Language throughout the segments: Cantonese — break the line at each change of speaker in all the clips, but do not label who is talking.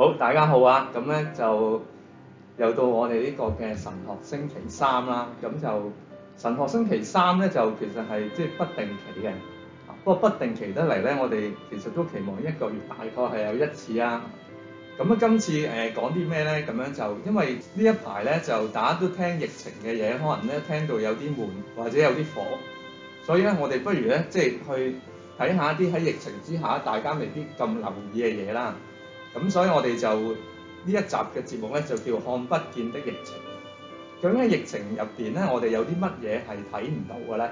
好，大家好啊！咁、嗯、咧就又到我哋呢個嘅神學星期三啦。咁、嗯、就神學星期三咧，就其實係即係不定期嘅。不過不定期得嚟咧，我哋其實都期望一個月大概係有一次啊。咁、嗯、啊，今次誒、呃、講啲咩咧？咁樣就因為呢一排咧，就大家都聽疫情嘅嘢，可能咧聽到有啲悶或者有啲火，所以咧我哋不如咧即係去睇下一啲喺疫情之下大家未必咁留意嘅嘢啦。咁所以我哋就呢一集嘅節目咧，就叫《看不見的疫情》。究竟喺疫情入邊咧，我哋有啲乜嘢係睇唔到嘅咧？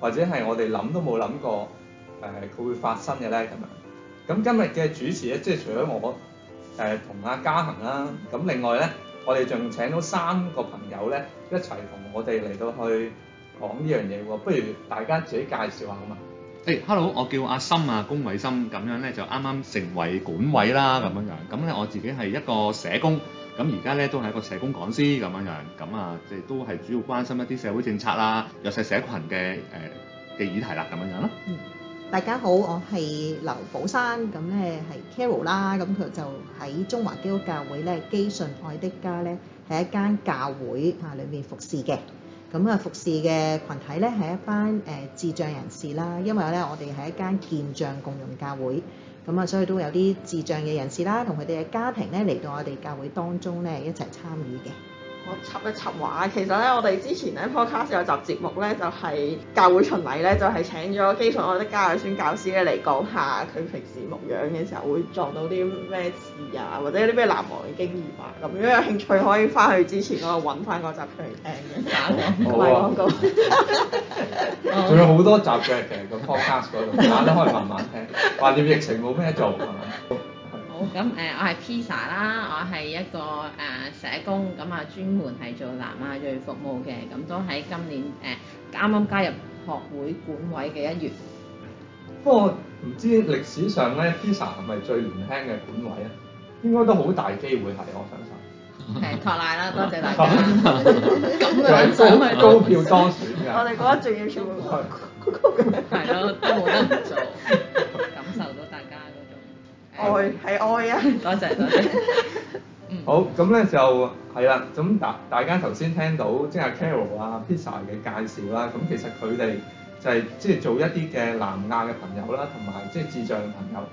或者係我哋諗都冇諗過誒，佢、呃、會發生嘅咧咁樣。咁今日嘅主持咧，即係除咗我誒同阿嘉恒啦，咁、呃、另外咧，我哋仲請到三個朋友咧，一齊同我哋嚟到去講呢樣嘢喎。不如大家自己介紹下好嘛？Hello，我叫阿森啊，龔偉森，咁樣咧就啱啱成為管委啦咁樣樣，咁咧我自己係一個社工，咁而家咧都係一個社工講師咁樣樣，咁啊即係都係主要關心一啲社會政策啦、弱勢社羣嘅誒嘅議題啦咁樣樣咯。嗯，
大家好，我係劉寶珊，咁咧係 Carol 啦，咁佢就喺中華基督教會咧基順愛的家咧係一間教會啊裡面服侍嘅。咁啊，服侍嘅群體咧係一班誒智障人士啦，因為咧我哋係一間健障共融教會，咁啊，所以都有啲智障嘅人士啦，同佢哋嘅家庭咧嚟到我哋教會當中咧一齊參與嘅。
我插一插話，其實咧，我哋之前咧 podcast 有集節目咧，就係、是、教會巡禮咧，就係、是、請咗基順愛的家嘅宣教師咧嚟講下佢平時牧養嘅時候會撞到啲咩事啊，或者啲咩難忘嘅經驗啊。咁如果有興趣，可以翻去之前嗰度揾翻嗰集去聽。
好
啊，
仲 有好多集嘅，其實咁 podcast 嗰度，懶可以慢慢聽。橫掂疫情冇咩做啊～
咁誒，我係 Pizza 啦，我係一個誒社工，咁啊專門係做南亞裔服務嘅，咁都喺今年誒啱啱加入學會管委嘅一月。
不過唔知歷史上咧，Pizza 係咪最年輕嘅管委啊？應該都好大機會係，我相信。
係託賴啦，Hayır, 多謝大家。咁嘲 saben? 樣做 asha 高票當選㗎。我哋覺得仲要全部。係都冇
得唔做。愛
係愛啊！多謝多謝。好，咁咧就係啦。咁大大家頭先聽到即係 Carol 啊、Pizza 嘅介紹啦。咁其實佢哋就係即係做一啲嘅南亞嘅朋友啦，同埋即係智障嘅朋友。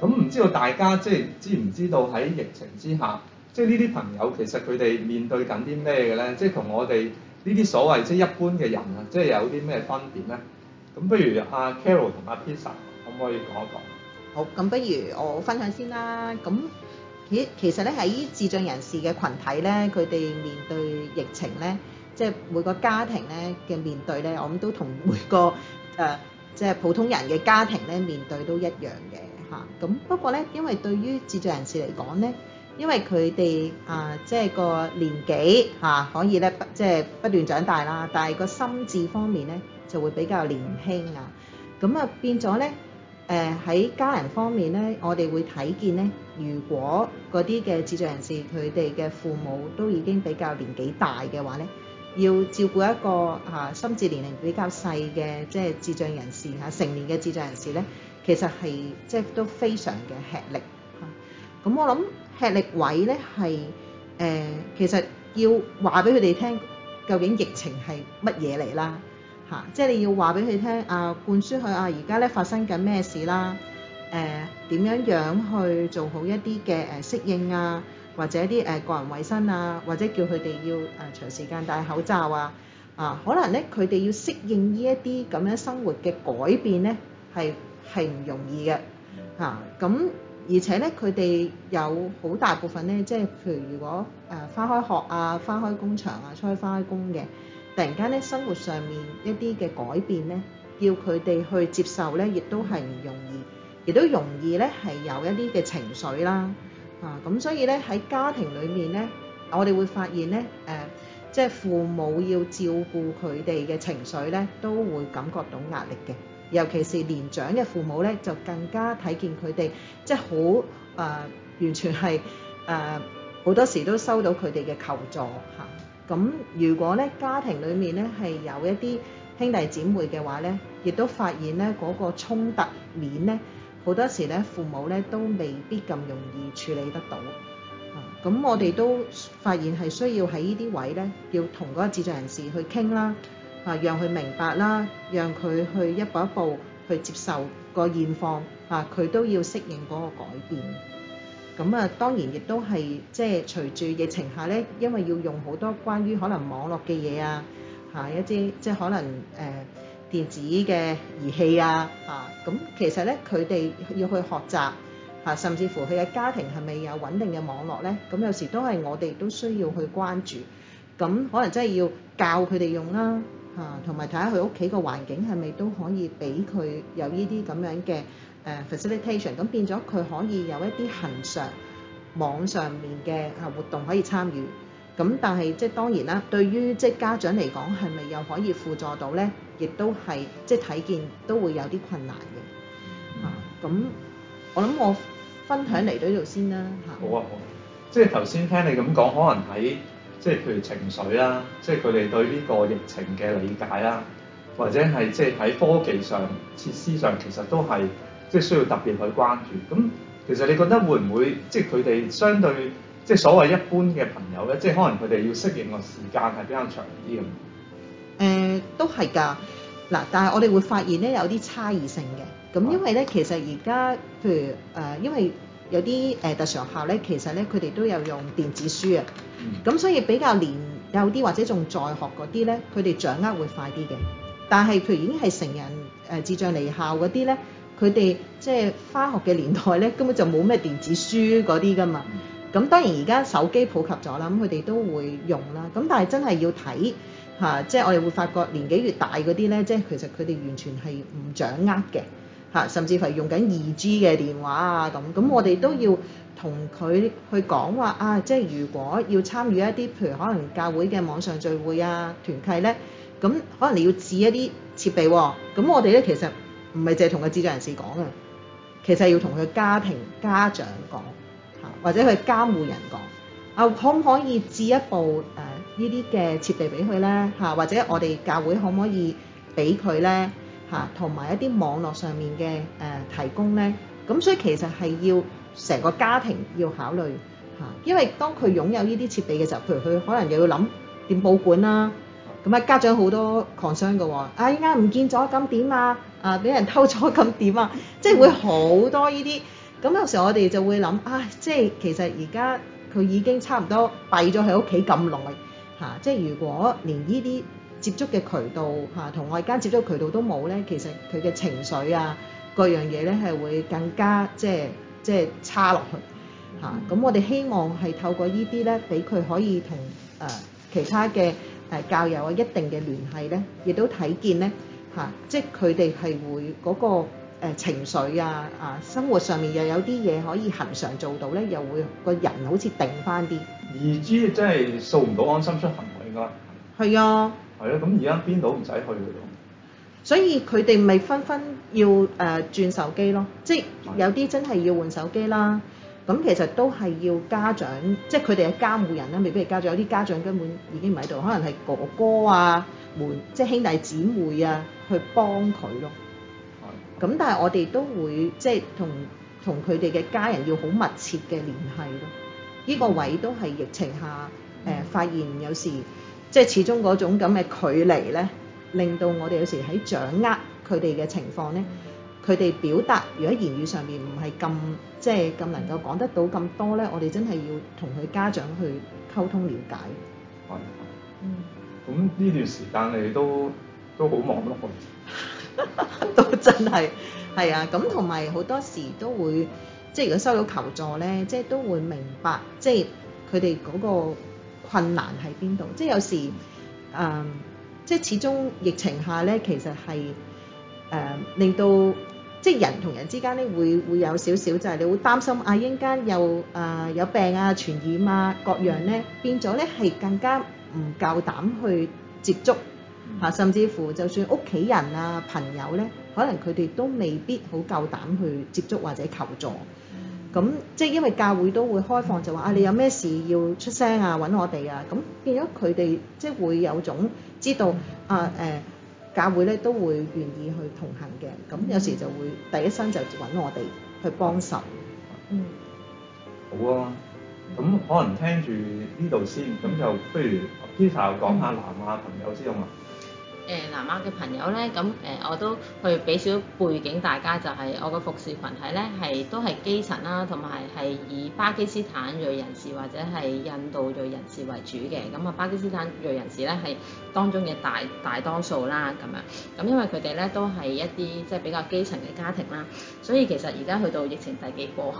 咁唔知道大家即係知唔知道喺疫情之下，即係呢啲朋友其實佢哋面對緊啲咩嘅咧？即係同我哋呢啲所謂即係一般嘅人啊，即係有啲咩分別咧？咁不如阿 Carol 同阿 Pizza 可唔可以講一講？
好，咁不如我分享先啦。咁其其實咧喺智障人士嘅群體咧，佢哋面對疫情咧，即係每個家庭咧嘅面對咧，我諗都同每個誒即係普通人嘅家庭咧面對都一樣嘅嚇。咁不過咧，因為對於智障人士嚟講咧，因為佢哋啊即係個年紀嚇可以咧即係不斷長大啦，但係個心智方面咧就會比較年輕啊。咁啊變咗咧。誒喺家人方面咧，我哋會睇見咧，如果嗰啲嘅智障人士佢哋嘅父母都已經比較年紀大嘅話咧，要照顧一個吓心智年齡比較細嘅即係智障人士吓成年嘅智障人士咧，其實係即係都非常嘅吃力吓。咁我諗吃力位咧係誒，其實要話俾佢哋聽，究竟疫情係乜嘢嚟啦？嚇，即係你要話俾佢聽啊，灌輸佢啊，而家咧發生緊咩事啦？誒、呃，點樣樣去做好一啲嘅誒適應啊，或者啲誒個人衞生啊，或者叫佢哋要誒長時間戴口罩啊，啊，可能咧佢哋要適應呢一啲咁樣生活嘅改變咧，係係唔容易嘅嚇。咁、啊、而且咧佢哋有好大部分咧，即係譬如如果誒翻、呃、開學啊，翻開工場啊，出去翻開工嘅。突然間咧，生活上面一啲嘅改變咧，叫佢哋去接受咧，亦都係唔容易，亦都容易咧係有一啲嘅情緒啦。啊，咁所以咧喺家庭裏面咧，我哋會發現咧，誒，即係父母要照顧佢哋嘅情緒咧，都會感覺到壓力嘅。尤其是年長嘅父母咧，就更加睇見佢哋即係好誒，完全係誒好多時都收到佢哋嘅求助嚇。咁如果咧家庭裡面咧係有一啲兄弟姊妹嘅話咧，亦都發現咧嗰個衝突面咧，好多時咧父母咧都未必咁容易處理得到。啊，咁我哋都發現係需要喺呢啲位咧，要同嗰個智障人士去傾啦，啊，讓佢明白啦，讓佢去一步一步去接受個現況，啊，佢都要適應嗰個改變。咁啊，當然亦都係即係隨住疫情下咧，因為要用好多關於可能網絡嘅嘢啊，嚇、啊、一啲即係可能誒、呃、電子嘅儀器啊，嚇、啊、咁、啊、其實咧佢哋要去學習嚇、啊，甚至乎佢嘅家庭係咪有穩定嘅網絡咧？咁有時都係我哋都需要去關注，咁可能真係要教佢哋用啦、啊、嚇，同埋睇下佢屋企個環境係咪都可以俾佢有呢啲咁樣嘅。誒 facilitation 咁變咗佢可以有一啲恒常網上面嘅啊活動可以參與。咁但係即係當然啦，對於即係家長嚟講係咪又可以輔助到咧？亦都係即係睇見都會有啲困難嘅嚇。咁、嗯、我諗我分享嚟到呢度先啦嚇、啊。好啊好，
即係頭先聽你咁講，可能喺即係譬如情緒啦、啊，即係佢哋對呢個疫情嘅理解啦、啊，或者係即係喺科技上設施上，其實都係。即係需要特別去關注咁，其實你覺得會唔會即係佢哋相對即係所謂一般嘅朋友咧，即係可能佢哋要適應嘅時間係比較長啲
嘅？誒、嗯，都係㗎嗱，但係我哋會發現咧，有啲差異性嘅咁，因為咧其實而家譬如誒、呃，因為有啲誒特殊校咧，其實咧佢哋都有用電子書啊，咁所以比較年幼啲或者仲在學嗰啲咧，佢哋掌握會快啲嘅。但係譬如已經係成人誒智障離校嗰啲咧。佢哋即係返學嘅年代咧，根本就冇咩電子書嗰啲㗎嘛。咁當然而家手機普及咗啦，咁佢哋都會用啦。咁但係真係要睇吓、啊，即係我哋會發覺年紀越大嗰啲咧，即係其實佢哋完全係唔掌握嘅吓、啊，甚至乎係用緊二 G 嘅電話啊咁。咁我哋都要同佢去講話啊，即係如果要參與一啲譬如可能教會嘅網上聚會啊團契咧，咁、嗯、可能你要置一啲設備喎、啊。咁我哋咧其實。唔係淨係同個智障人士講啊，其實要同佢家庭家長講嚇，或者佢監護人講啊，可唔可以置一部誒呢啲嘅設備俾佢咧嚇？或者我哋教會可唔可以俾佢咧嚇？啊、同埋一啲網絡上面嘅誒、呃、提供咧，咁所以其實係要成個家庭要考慮嚇、啊，因為當佢擁有呢啲設備嘅時候，譬如佢可能又要諗點保管啦、啊，咁啊家長好多 concern 嘅喎，啊依家唔見咗咁點啊？啊！俾人偷咗咁點啊？即係會好多呢啲咁，有時我哋就會諗啊，即係其實而家佢已經差唔多閉咗喺屋企咁耐嚇，即係如果連呢啲接觸嘅渠道嚇同、啊、外間接觸嘅渠道都冇咧，其實佢嘅情緒啊各樣嘢咧係會更加即係即係差落去嚇。咁、啊 mm hmm. 啊、我哋希望係透過呢啲咧，俾佢可以同誒、呃、其他嘅誒教友啊一定嘅聯繫咧，亦都睇見咧。嚇，即係佢哋係會嗰個誒情緒啊啊，生活上面又有啲嘢可以恒常做到咧，又會個人好似定翻啲。二
G 真係掃唔到安心出行喎，應該。係啊。係啊。咁而家邊度唔使去㗎咯？
所以佢哋咪紛紛要誒轉、呃、手機咯，即係有啲真係要換手機啦。咁是其實都係要家長，即係佢哋嘅監護人啦，未必係家長，有啲家長根本已經唔喺度，可能係哥哥啊。會即係兄弟姊妹啊，去幫佢咯。係。咁但係我哋都會，即係同同佢哋嘅家人要好密切嘅聯繫咯。呢、這個位都係疫情下誒、呃、發現有時即係始終嗰種咁嘅距離咧，令到我哋有時喺掌握佢哋嘅情況咧，佢哋表達如果言語上面唔係咁即係咁能夠講得到咁多咧，我哋真係要同佢家長去溝通了解。
係。嗯。咁呢段時間你都都好忙咯，
都，碌 都真係，係啊！咁同埋好多時都會，即係如果收到求助咧，即係都會明白，即係佢哋嗰個困難喺邊度。即係有時誒、呃、即係始終疫情下咧，其實係誒、呃、令到即係人同人之間咧會會有少少就係你會擔心一陣間又誒有病啊、傳染啊各樣咧，變咗咧係更加。唔夠膽去接觸吓，甚至乎就算屋企人啊朋友呢，可能佢哋都未必好夠膽去接觸或者求助。咁、嗯、即係因為教會都會開放，嗯、就話啊，你有咩事要出聲啊，揾我哋啊。咁變咗佢哋即係會有種知道啊誒、呃，教會咧都會願意去同行嘅。咁有時就會第一身就揾我哋去幫手。嗯，好
啊。咁可能聽住呢度先，咁就不如 Pizza 又講下南亞朋友先好
嘛。誒、嗯，南亞嘅朋友咧，咁誒我都去俾少背景大家，就係、是、我個服侍群體咧，係都係基層啦，同埋係以巴基斯坦裔人士或者係印度裔人士為主嘅。咁啊，巴基斯坦裔人士咧係當中嘅大大多數啦，咁樣。咁因為佢哋咧都係一啲即係比較基層嘅家庭啦，所以其實而家去到疫情第幾波？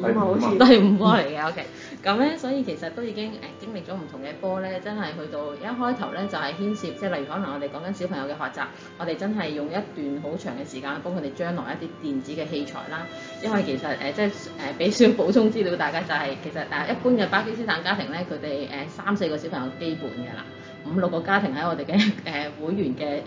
5，好 五波都係五波嚟嘅，OK。咁、okay、咧，所以其實都已經誒、呃、經歷咗唔同嘅波咧，真係去到一開頭咧就係、是、牽涉，即係例如可能我哋講緊小朋友嘅學習，我哋真係用一段好長嘅時間幫佢哋將來一啲電子嘅器材啦。因為其實誒、呃、即係誒俾少補充資料，大家就係、是、其實誒、呃、一般嘅巴基斯坦家庭咧，佢哋誒三四個小朋友基本㗎啦。五六個家庭喺我哋嘅誒會員嘅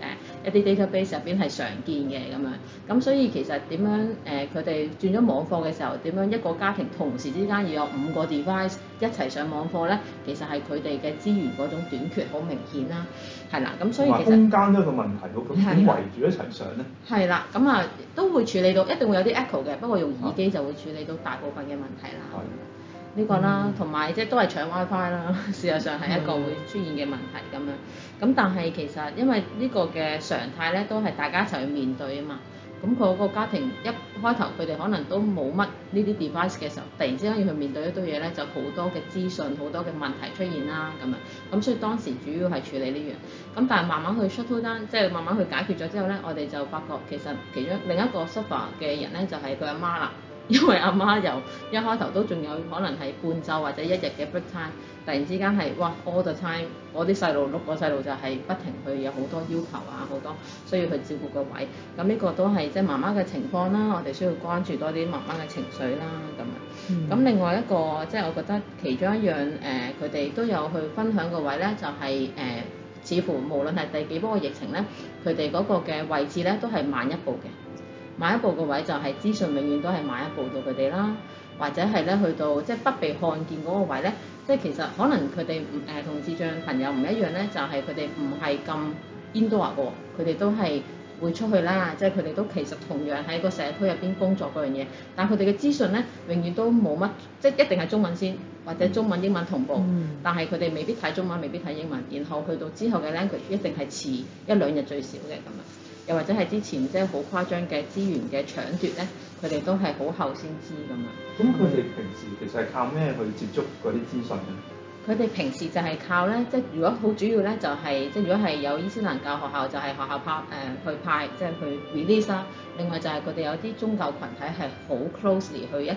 誒一啲 database 入邊係常見嘅咁樣，咁所以其實點樣誒佢哋轉咗網課嘅時候，點樣一個家庭同時之間要有五個 device 一齊上網課咧，其實係佢哋嘅資源嗰種短缺好明顯啦，係啦，咁所以其實空間
呢個問題好，咁點圍住一齊上
咧。係啦，咁啊都會處理到，一定會有啲 echo 嘅，不過用耳機就會處理到大部分嘅問題啦。係。呢個啦，同埋、嗯、即係都係搶 WiFi 啦，事實上係一個會出現嘅問題咁樣。咁、嗯、但係其實因為呢個嘅常態咧，都係大家一齊去面對啊嘛。咁、那、佢個家庭一開頭佢哋可能都冇乜呢啲 device 嘅時候，突然之間要去面對一堆嘢咧，就好多嘅資訊，好多嘅問題出現啦咁樣。咁所以當時主要係處理呢樣。咁但係慢慢去 shut down，即係慢慢去解決咗之後咧，我哋就發覺其實其中另一個 suffer 嘅人咧，就係佢阿媽啦。因為阿媽由一開頭都仲有可能係半晝或者一日嘅 break time，突然之間係哇，all the time 我啲細路碌個細路就係不停去有好多要求啊，好多需要去照顧嘅位，咁呢個都係即係媽媽嘅情況啦，我哋需要關注多啲媽媽嘅情緒啦，咁樣。咁、嗯、另外一個即係、就是、我覺得其中一樣誒，佢、呃、哋都有去分享嘅位咧，就係、是、誒、呃，似乎無論係第幾波疫情咧，佢哋嗰個嘅位置咧都係慢一步嘅。買一步個位就係資訊，永遠都係買一步到佢哋啦，或者係咧去到即係不被看見嗰個位咧，即係其實可能佢哋唔誒同智障朋友唔一樣咧，就係佢哋唔係咁 indoor 嘅，佢哋都係會出去啦，即係佢哋都其實同樣喺個社區入邊工作嗰樣嘢，但係佢哋嘅資訊咧永遠都冇乜，即係一定係中文先，或者中文英文同步，嗯、但係佢哋未必睇中文，未必睇英文，然後去到之後嘅 language 一定係遲一兩日最少嘅咁樣。又或者係之前即係好誇張嘅資源嘅搶奪咧，佢哋都係好後先知咁樣。咁
佢哋平時其實係靠咩去接觸嗰啲資訊咧？
佢哋平時就係靠咧，即係如果好主要咧、就係，就係即係如果係有伊斯蘭教學校，就係、係、學校派誒去派，即係去 release 啦。另外就係佢哋有啲宗教群體係好 close 去一齊誒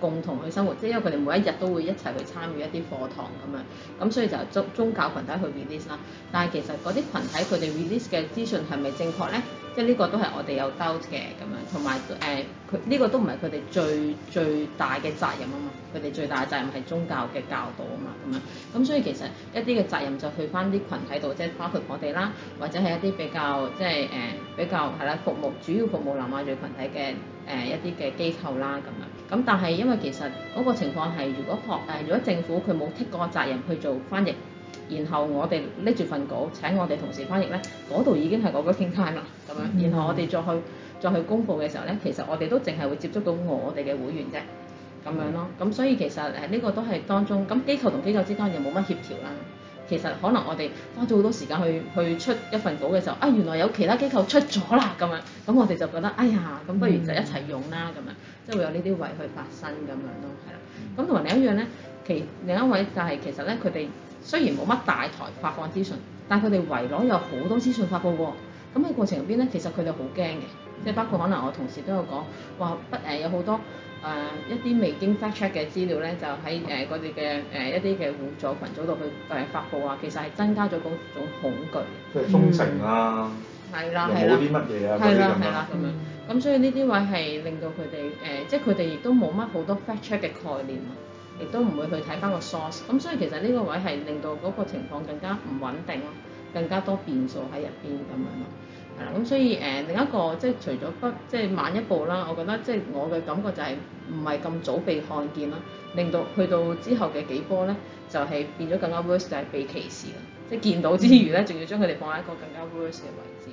共同去生活，即係因為佢哋每一日都會一齊去參與一啲課堂咁樣，咁所以就宗宗教群體去 release 啦。但係其實嗰啲群體佢哋 release 嘅資訊係咪正確咧？即係呢個都係我哋有 doubt 嘅咁樣，同埋誒佢呢個都唔係佢哋最最大嘅責任啊嘛，佢哋最大嘅責任係宗教嘅教導啊嘛咁樣，咁所以其實一啲嘅責任就去翻啲群體度，即係包括我哋啦，或者係一啲比較即係誒、呃、比較係啦，服務主要服務南亞裔群體嘅誒、呃、一啲嘅機構啦咁樣，咁但係因為其實嗰個情況係如果學誒、呃、如果政府佢冇剔嗰個責任去做翻譯。然後我哋拎住份稿請我哋同事翻譯咧，嗰度已經係我個傾聽啦，咁樣。然後我哋再去再去公佈嘅時候咧，其實我哋都淨係會接觸到我哋嘅會員啫，咁樣咯。咁所以其實誒呢個都係當中咁機構同機構之間又冇乜協調啦。其實可能我哋花咗好多時間去去出一份稿嘅時候，啊原來有其他機構出咗啦，咁樣。咁我哋就覺得哎呀，咁不如就一齊用啦，咁樣，即係會有呢啲位去發生咁樣咯，係啦。咁同埋另一樣咧，其另一位就係其實咧佢哋。雖然冇乜大台發放資訊，但係佢哋圍內有好多資訊發布喎。咁喺過程入邊咧，其實佢哋好驚嘅，即係包括可能我同事都有講話不誒，有好多誒、呃、一啲未經 fact check 嘅資料咧，就喺誒嗰啲嘅誒一啲嘅互助群組度去誒發布啊，其實係增加咗嗰種恐懼，即係封城
啊，係啦、嗯，又冇啲乜嘢啊嗰啲㗎嘛。
咁所以呢啲位係令到佢哋誒，即係佢哋亦都冇乜好多 fact check 嘅概念。亦都唔會去睇翻個 source，咁所以其實呢個位係令到嗰個情況更加唔穩定咯，更加多變數喺入邊咁樣咯，係啦，咁所以誒、呃、另一個即係除咗不即係慢一步啦，我覺得即係我嘅感覺就係唔係咁早被看見咯，令到去到之後嘅幾波咧就係、是、變咗更加 worse，就係被歧視啦，即係見到之餘咧，仲要將佢哋放喺一個更加 worse 嘅位置。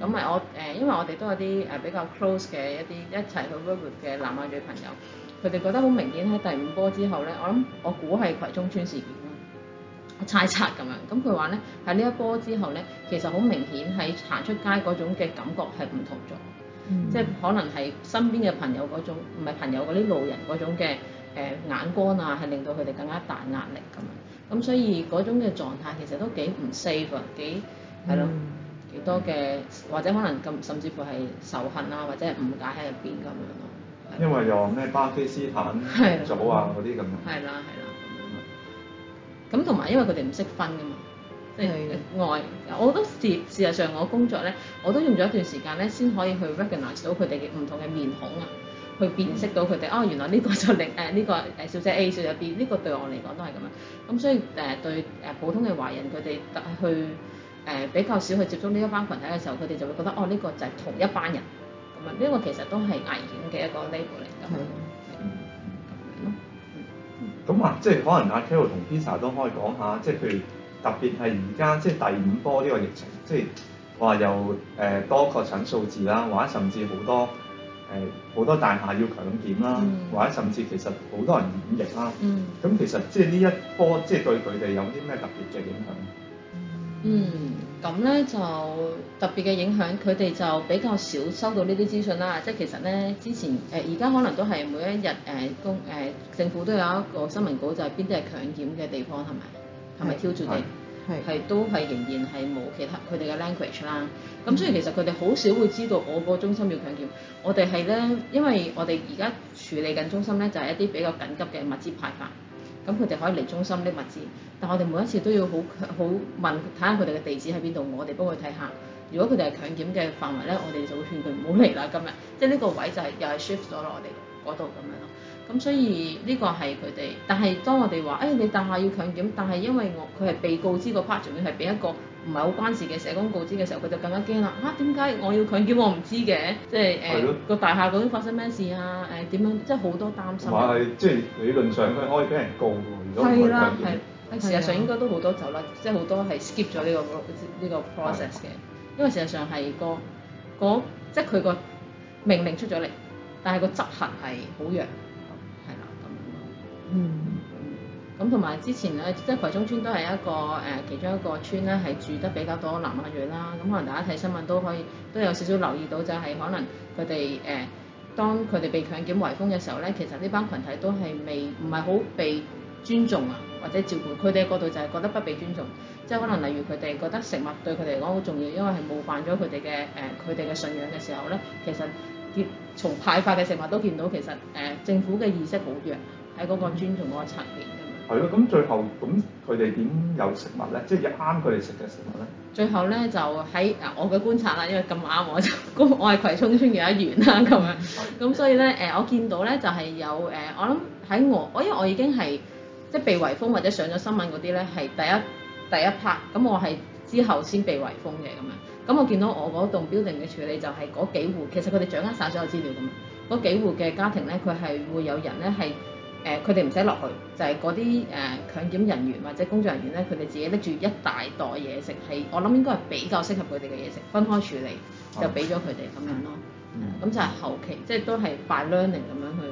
咁咪我誒、呃，因為我哋都有啲誒比較 close 嘅一啲一齊去 work 嘅南亞裔朋友。佢哋覺得好明顯喺第五波之後咧，我諗我估係葵涌村事件啦。我猜測咁樣。咁佢話咧，喺呢一波之後咧，其實好明顯喺行出街嗰種嘅感覺係唔同咗，嗯、即係可能係身邊嘅朋友嗰種，唔係朋友嗰啲路人嗰種嘅誒眼光啊，係令到佢哋更加大壓力咁樣。咁所以嗰種嘅狀態其實都幾唔 safe，幾係咯，幾多嘅或者可能咁甚至乎係仇恨啊或者係誤解喺入邊咁樣。
因為有咩巴基斯坦組 啊
嗰啲咁樣，係啦，係啦咁樣。咁同埋因為佢哋唔識分噶嘛，即係的外，我覺得事事實上我工作咧，我都用咗一段時間咧，先可以去 recognize 到佢哋嘅唔同嘅面孔啊，去辨識到佢哋、嗯、哦，原來呢個就令誒呢個誒小姐 A 小姐 B 呢個對我嚟講都係咁樣。咁、嗯、所以誒、呃、對誒普通嘅華人佢哋去誒、呃、比較少去接觸呢一班群體嘅時候，佢哋就會覺得哦呢、哦這個就係同一班人。呢個其實都係危險嘅
一個 label 嚟㗎。係，係咁樣咯。咁啊，即係可能阿 Kel 同 Pizza 都可以講下，即係譬如特別係而家即係第五波呢個疫情，即係話又誒多確診數字啦，或者甚至好多誒好、呃、多大廈要強檢啦，或者甚至其實好多人免疫啦。嗯。咁、嗯、其實即係呢一波即係對佢哋有啲咩特別嘅影響？嗯。
咁咧就特別嘅影響，佢哋就比較少收到呢啲資訊啦。即係其實咧，之前誒而家可能都係每一日誒公誒政府都有一個新聞稿，就係邊啲係強檢嘅地方係咪？係咪是挑住你？係都係仍然係冇其他佢哋嘅 language 啦。咁所以其實佢哋好少會知道我個中心要強檢，我哋係咧，因為我哋而家處理緊中心咧，就係、是、一啲比較緊急嘅物資派發。咁佢哋可以嚟中心拎物資，但我哋每一次都要好好問睇下佢哋嘅地址喺邊度，我哋幫佢睇下。如果佢哋係強檢嘅範圍咧，我哋就會勸佢唔好嚟啦，今日。即係呢個位就係、是、又係 shift 咗落我哋嗰度咁樣咯。咁所以呢個係佢哋，但係當我哋話，誒、哎、你大廈要強檢，但係因為我佢係被告知個 part 仲要係俾一個。唔係好關事嘅，社工告知嘅時候佢就更加驚啦嚇，點、啊、解我要強檢我唔知嘅，即係誒個大廈究竟發生咩事啊？誒、呃、點樣，即係好多擔心。話即係理論
上佢可以俾人告嘅喎，如
果唔去強檢。係啦，係，事實上應該都好多走甩，即係好多係 skip 咗呢、呢個呢、呢個 process 嘅，的因為事實上係個即係佢個、即係、命令出咗嚟，但係個執行係好弱，係啦咁樣，嗯。咁同埋之前咧，即係葵涌村都係一個誒、呃，其中一個村咧，係住得比較多南亞裔啦。咁、嗯、可能大家睇新聞都可以都有少少留意到、就是，就係可能佢哋誒，當佢哋被強檢圍封嘅時候咧，其實呢班群、群體都係未唔係好被尊重啊，或者照顧。佢哋嘅角度就係覺得不被尊重，即係可能例如佢哋覺得食物對佢哋嚟講好重要，因為係冒犯咗佢哋嘅誒佢哋嘅信仰嘅時候咧，其實結從派發嘅食物都見到，其實誒、呃、政府嘅意識好弱喺嗰個尊重嗰個層面。
係咯，咁
最後咁佢哋點有食物咧？即係啱佢哋食嘅食物咧？最後咧就喺啊，我嘅觀察啦，因為咁啱我，就 我係葵涌村嘅一員啦，咁 樣、嗯，咁 所以咧誒，我見到咧就係有誒，我諗喺我，我因為我已經係即係被圍封或者上咗新聞嗰啲咧，係第一第一 part，咁我係之後先被圍封嘅咁樣，咁我見到我嗰棟 building 嘅處理就係嗰幾戶，其實佢哋掌握晒所有資料咁，嗰幾戶嘅家庭咧，佢係會有人咧係。誒，佢哋唔使落去，就係嗰啲，誒，強檢人員或者工作人員咧，佢哋自己拎住一大袋嘢食，係我諗應該係比較適合佢哋嘅嘢食，分開處理，Okay. 就俾咗佢哋咁樣咯。咁，mm hmm. 就係後期，即係都係 by learning 咁樣去。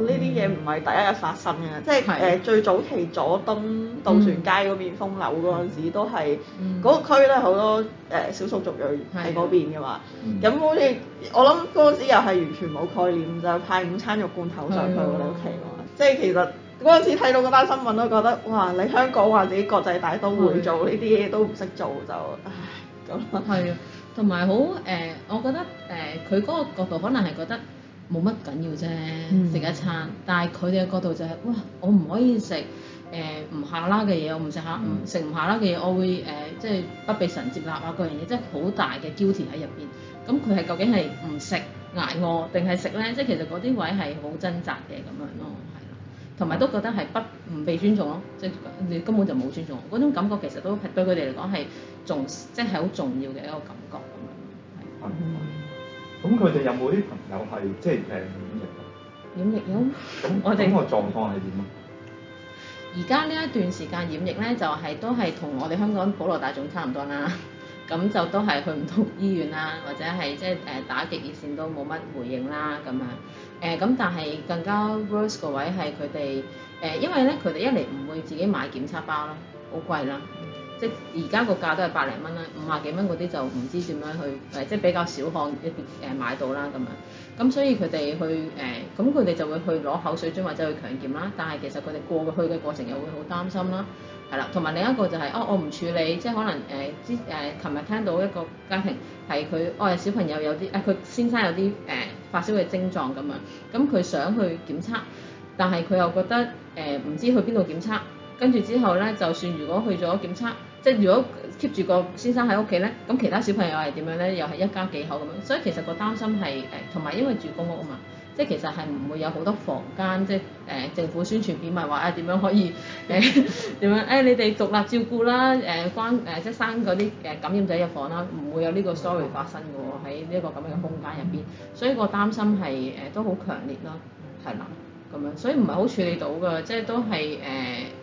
呢啲嘢唔
係第一日發生嘅，即係誒的、呃、最早期佐敦渡船街嗰邊封樓嗰時都係嗰、嗯、個區咧，好多誒少數族裔喺嗰邊嘅嘛，咁、嗯、好似我諗嗰陣時又係完全冇概念，就派午餐肉罐頭上去我哋屋企嘅嘛，的即係其實嗰陣、那個、時睇到嗰單新聞都覺得哇，你香港或者自己國際大都會做呢啲嘢
都唔識做就唉咁，係啊，同埋好誒，我覺得誒佢嗰個角度可能係覺得。冇乜緊要啫，食一餐。嗯、但係佢哋嘅角度就係、是，哇！我唔可以食誒唔下啦嘅嘢，我唔食下唔食唔下啦嘅嘢，我會誒、呃、即係不被神接納啊嗰樣嘢，即係好大嘅焦點喺入邊。咁佢係究竟係唔食挨餓定係食咧？即係其實嗰啲位係好掙扎嘅咁樣咯，係啦。同埋都覺得係不唔被尊重咯，即係你根本就冇尊重。嗰種感覺其實都係對佢哋嚟講係重，即係好重要嘅一個感覺咁樣。
咁佢哋有冇啲朋
友係即係誒染疫㗎？染疫咁，嗯、那我哋咁個
狀況係點
啊？而家呢一段時間染疫咧，就係、是、都係同我哋香港普羅大眾差唔多啦。咁 就都係去唔到醫院啦，或者係即係誒打極熱線都冇乜回應啦咁樣。誒、呃、咁，但係更加 worse 個位係佢哋誒，因為咧佢哋一嚟唔會自己買檢測包啦，好貴啦。即而家個價都係百零蚊啦，五啊幾蚊嗰啲就唔知點樣去誒，即係比較少看一啲誒買到啦咁樣。咁所以佢哋去誒，咁佢哋就會去攞口水樽或者去強檢啦。但係其實佢哋過去嘅過程又會好擔心啦，係啦。同埋另一個就係、係、哦，我唔處理，即係可能誒之誒，琴、呃、日、呃、聽到一個家庭係佢哦，小朋友有啲誒，佢、呃、先生有啲誒、呃、發燒嘅症狀咁啊。咁佢想去檢測，但係佢又覺得誒唔、呃、知去邊度檢測。跟住之後咧，就算如果去咗檢測，即係如果 keep 住個先生喺屋企咧，咁其他小朋友係點樣咧？又係一家幾口咁樣，所以其實個擔心係誒，同埋因為住公屋啊嘛，即係其實係唔會有好多房間，即係誒政府宣傳片咪話啊點樣可以誒點樣誒你哋獨立照顧啦誒關誒即係生嗰啲誒感染者入房啦，唔會有呢個 sorry 發生嘅喎，喺呢一個咁樣嘅空間入邊，所以個擔心係誒都好強烈咯，係啦咁樣，所以唔係好處理到嘅，即係都係誒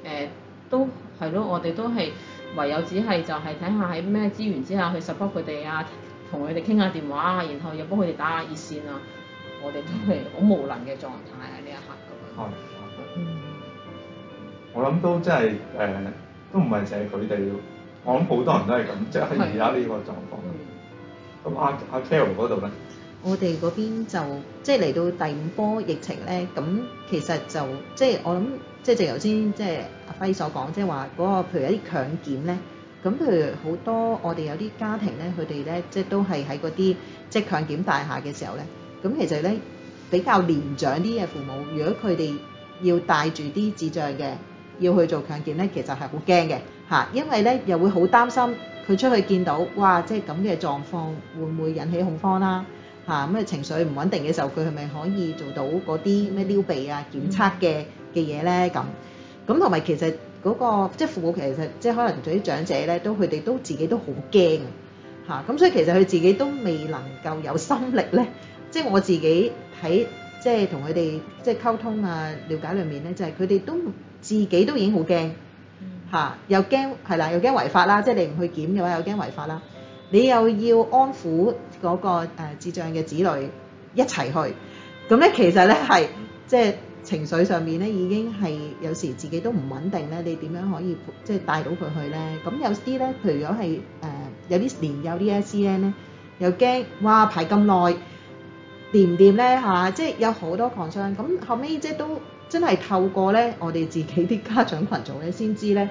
誒都係咯，我哋都係。唯有只係就係睇下喺咩資源之下去 support 佢哋啊，同佢哋傾下電話，然後又幫佢哋打下熱線啊，我哋都係好無能嘅狀態喺呢一刻咁樣、係，嗯。我諗
都真係誒、呃，都唔係淨係佢哋，我諗好多人都係咁，即係而家呢個狀況。咁、嗯、阿阿 Charles 嗰度咧？
我哋嗰邊就即係嚟到第五波疫情咧，咁其實就即係我諗。即係頭先，即係阿輝所講，即係話嗰個譬如一啲強檢咧，咁譬如好多我哋有啲家庭咧，佢哋咧即係都係喺嗰啲即係強檢大廈嘅時候咧，咁其實咧比較年長啲嘅父母，如果佢哋要帶住啲智障嘅要去做強檢咧，其實係好驚嘅嚇，因為咧又會好擔心佢出去見到哇，即係咁嘅狀況會唔會引起恐慌啦嚇咁啊，嗯、情緒唔穩定嘅時候，佢係咪可以做到嗰啲咩撩鼻啊檢測嘅、嗯？嘅嘢咧咁，咁同埋其實嗰個即係父母其實即係可能對於長者咧，都佢哋都自己都好驚嚇，咁、啊、所以其實佢自己都未能夠有心力咧，即係我自己喺即係同佢哋即係溝通啊、了解裡面咧，就係佢哋都自己都已經好驚嚇，又驚係啦，又驚違法啦，即係你唔去檢嘅話，又驚違法啦，你又要安撫嗰個誒智障嘅子女一齊去，咁、啊、咧其實咧係即係。情緒上面咧已經係有時自己都唔穩定咧，你點樣可以即係帶到佢去咧？咁有啲咧，譬如如果係誒有啲年幼啲 SEN 咧，又驚哇排咁耐，掂唔掂咧嚇？即係有好多 concern。咁後尾，即係、啊、都真係透過咧我哋自己啲家長群組咧先知咧，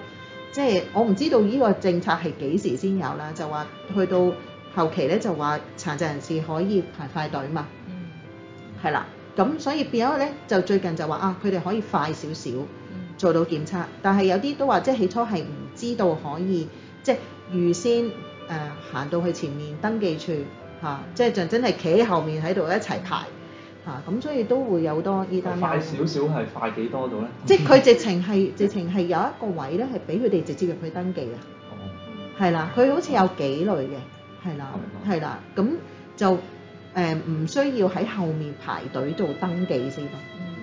即係我唔知道呢知道個政策係幾時先有啦。就話去到後期咧就話殘疾人士可以排快隊嘛，係、嗯、啦。咁所以變咗咧，就最近就話啊，佢哋可以快少少做到檢測，但係有啲都話即係起初係唔知道可以即係預先誒行、呃、到去前面登記處嚇、啊，即係就真係企喺後面喺度一齊排嚇，咁、啊啊、所以都會有多，點點多呢單。快少少係快幾多度咧？即係佢直情係直情係有一個位咧，係俾佢哋直接入去登記嘅。哦。 係啦，佢好似有幾類嘅，係啦，係啦，咁就。誒唔、呃、需要喺後面排隊做登記先得、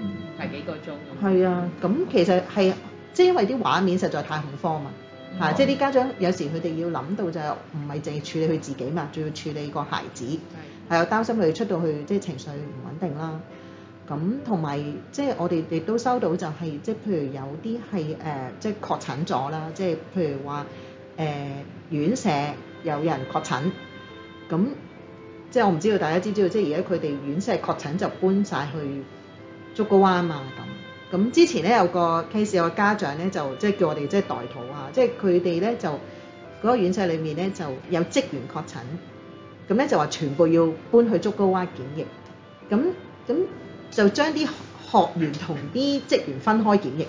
嗯，
排幾個鐘？係
啊，咁、啊、其實係，即係因為啲畫面實在太恐慌嘛、嗯、啊嘛嚇，即係啲家長有時佢哋要諗到就唔係凈係處理佢自己嘛，仲要處理個孩子，係又的、啊、擔心佢出到去即係情緒唔穩定啦。咁同埋即係我哋亦都收到就係、是、即係譬如有啲係誒即係確診咗啦，即係譬如話誒、呃、院舍有人確診，咁。即係我唔知道大家知唔知道，即係而家佢哋院舍係確診就搬晒去竹篙灣啊嘛。咁咁之前咧有個 case，有個家長咧就即係叫我哋即係代禱下，即係佢哋咧就嗰個院舍裏面咧就有職員確診，咁咧就話全部要搬去竹篙灣檢疫，咁咁就將啲學員同啲職員分開檢疫。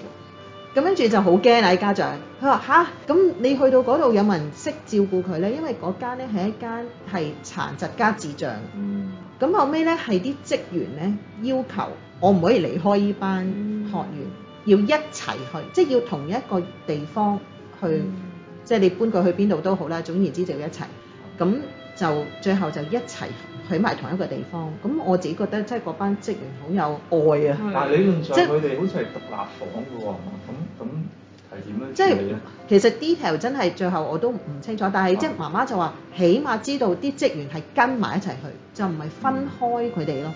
咁跟住就好驚啊！啲家長，佢話吓，咁你去到嗰度有冇人識照顧佢呢？因為嗰間呢係一間係殘疾加智障。咁、嗯、後尾呢，係啲職員呢要求我唔可以離開呢班學員，嗯、要一齊去，即係要同一個地方去，嗯、即係你搬佢去邊度都好啦。總言之就要一齊。就最後就一齊去埋同一個地方，咁我自己覺得即係嗰班職員好有愛啊。但係理論上佢哋即係好似係獨立房喎，
係咁咁係點咧？即係
其實 detail 真係最後我都唔清楚，但係即係媽媽就話，起碼知道啲職員係跟埋一齊去，就唔係分開佢哋咯。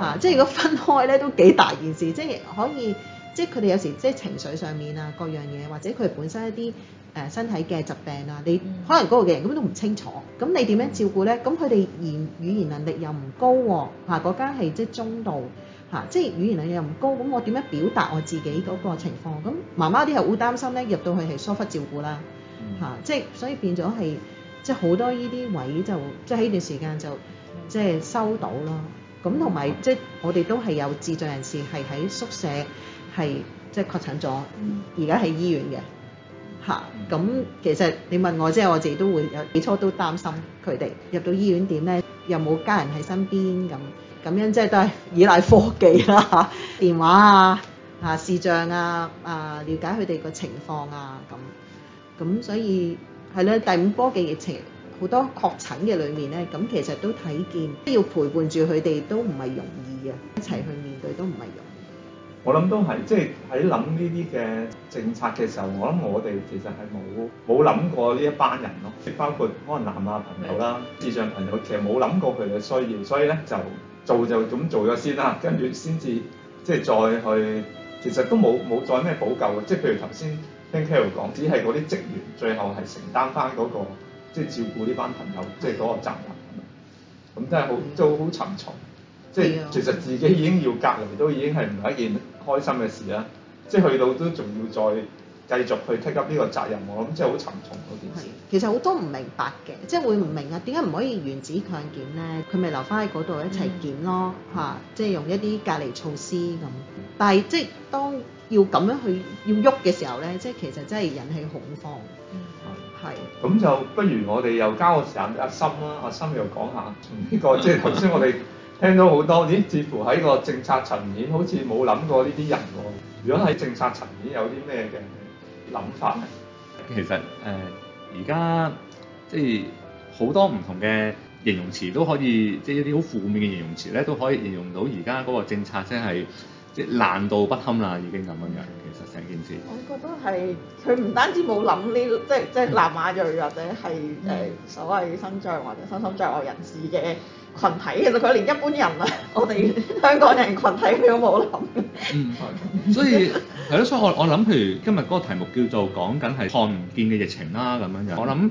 嚇，即係如果分開咧都幾大件事，即係可以，即係佢哋有時即係情緒上面啊各樣嘢，或者佢本身一啲。誒身體嘅疾病啊，你可能嗰個嘅人根本都唔清楚，咁你點樣照顧呢？咁佢哋言語言能力又唔高喎，嚇嗰間係即係中度，嚇即係語言能力又唔高，咁我點樣表達我自己嗰個情況？咁媽媽啲係好擔心呢，入到去係疏忽照顧啦，嚇、嗯啊、即係所以變咗係即係好多呢啲位就即係呢段時間就即係收到啦。咁同埋即係我哋都係有智障人士係喺宿舍係即係確診咗，而家喺醫院嘅。吓，咁、嗯啊、其實你問我即係我自己都會有起初都擔心佢哋入到醫院點咧，又冇家人喺身邊咁，咁樣即係都係依賴科技啦、啊、電話啊吓視像啊啊了解佢哋個情況啊咁，咁、啊啊啊、所以係啦第五波嘅疫情好多確診嘅裏面咧，咁、啊、其實都睇見都要陪伴住佢哋都唔係容易啊一齊去面對都唔係容易。
我諗都係，即係喺諗呢啲嘅政策嘅時候，我諗我哋其實係冇冇諗過呢一班人咯，即包括安南亞朋友啦、的智障朋友，其實冇諗過佢嘅需要，所以咧就做就咁做咗先啦，跟住先至即係再去，其實都冇冇再咩補救嘅，即係譬如頭先聽 Carol 講，只係嗰啲職員最後係承擔翻嗰個即係照顧呢班朋友即係嗰個責任，咁真係好做好沉重，即係其實自己已經要隔離都已經係唔係一件開心嘅事啦、啊，即係去到都仲要再繼續去 take up 呢個責任，我諗即係好沉重嗰件
事。其實好多唔明白嘅，即係會唔明啊？點解唔可以原子強檢咧？佢咪留翻喺嗰度一齊檢咯，嚇、嗯啊！即係用一啲隔離措施咁。但係即係當要咁樣去要喐嘅時候咧，即係其實真係引起恐慌，係。
咁就不如我哋又交個時間阿森啦，阿森又講下呢個，即係頭先我哋。聽到好多咦？似乎喺個政策層面，好似冇諗過呢啲人喎。如果喺政策層面有啲咩嘅諗法咧？其實誒，呃、而家即係好多唔同嘅形容詞都可以，即係一啲好負面嘅形容詞咧，都可以形容到而家嗰個政策真係即係爛到不堪啦，已經咁樣樣。其實成件事，我
覺
得係佢唔單止冇諗呢，即係即係南亞裔或者係誒 所謂身障或者身心障礙人士嘅。群體其
實
佢連一般人啊，我哋香
港人群體佢都冇諗。嗯，所以係咯，所以我我諗譬如今日嗰個題目叫做講緊係看唔見嘅疫情啦咁樣樣。我諗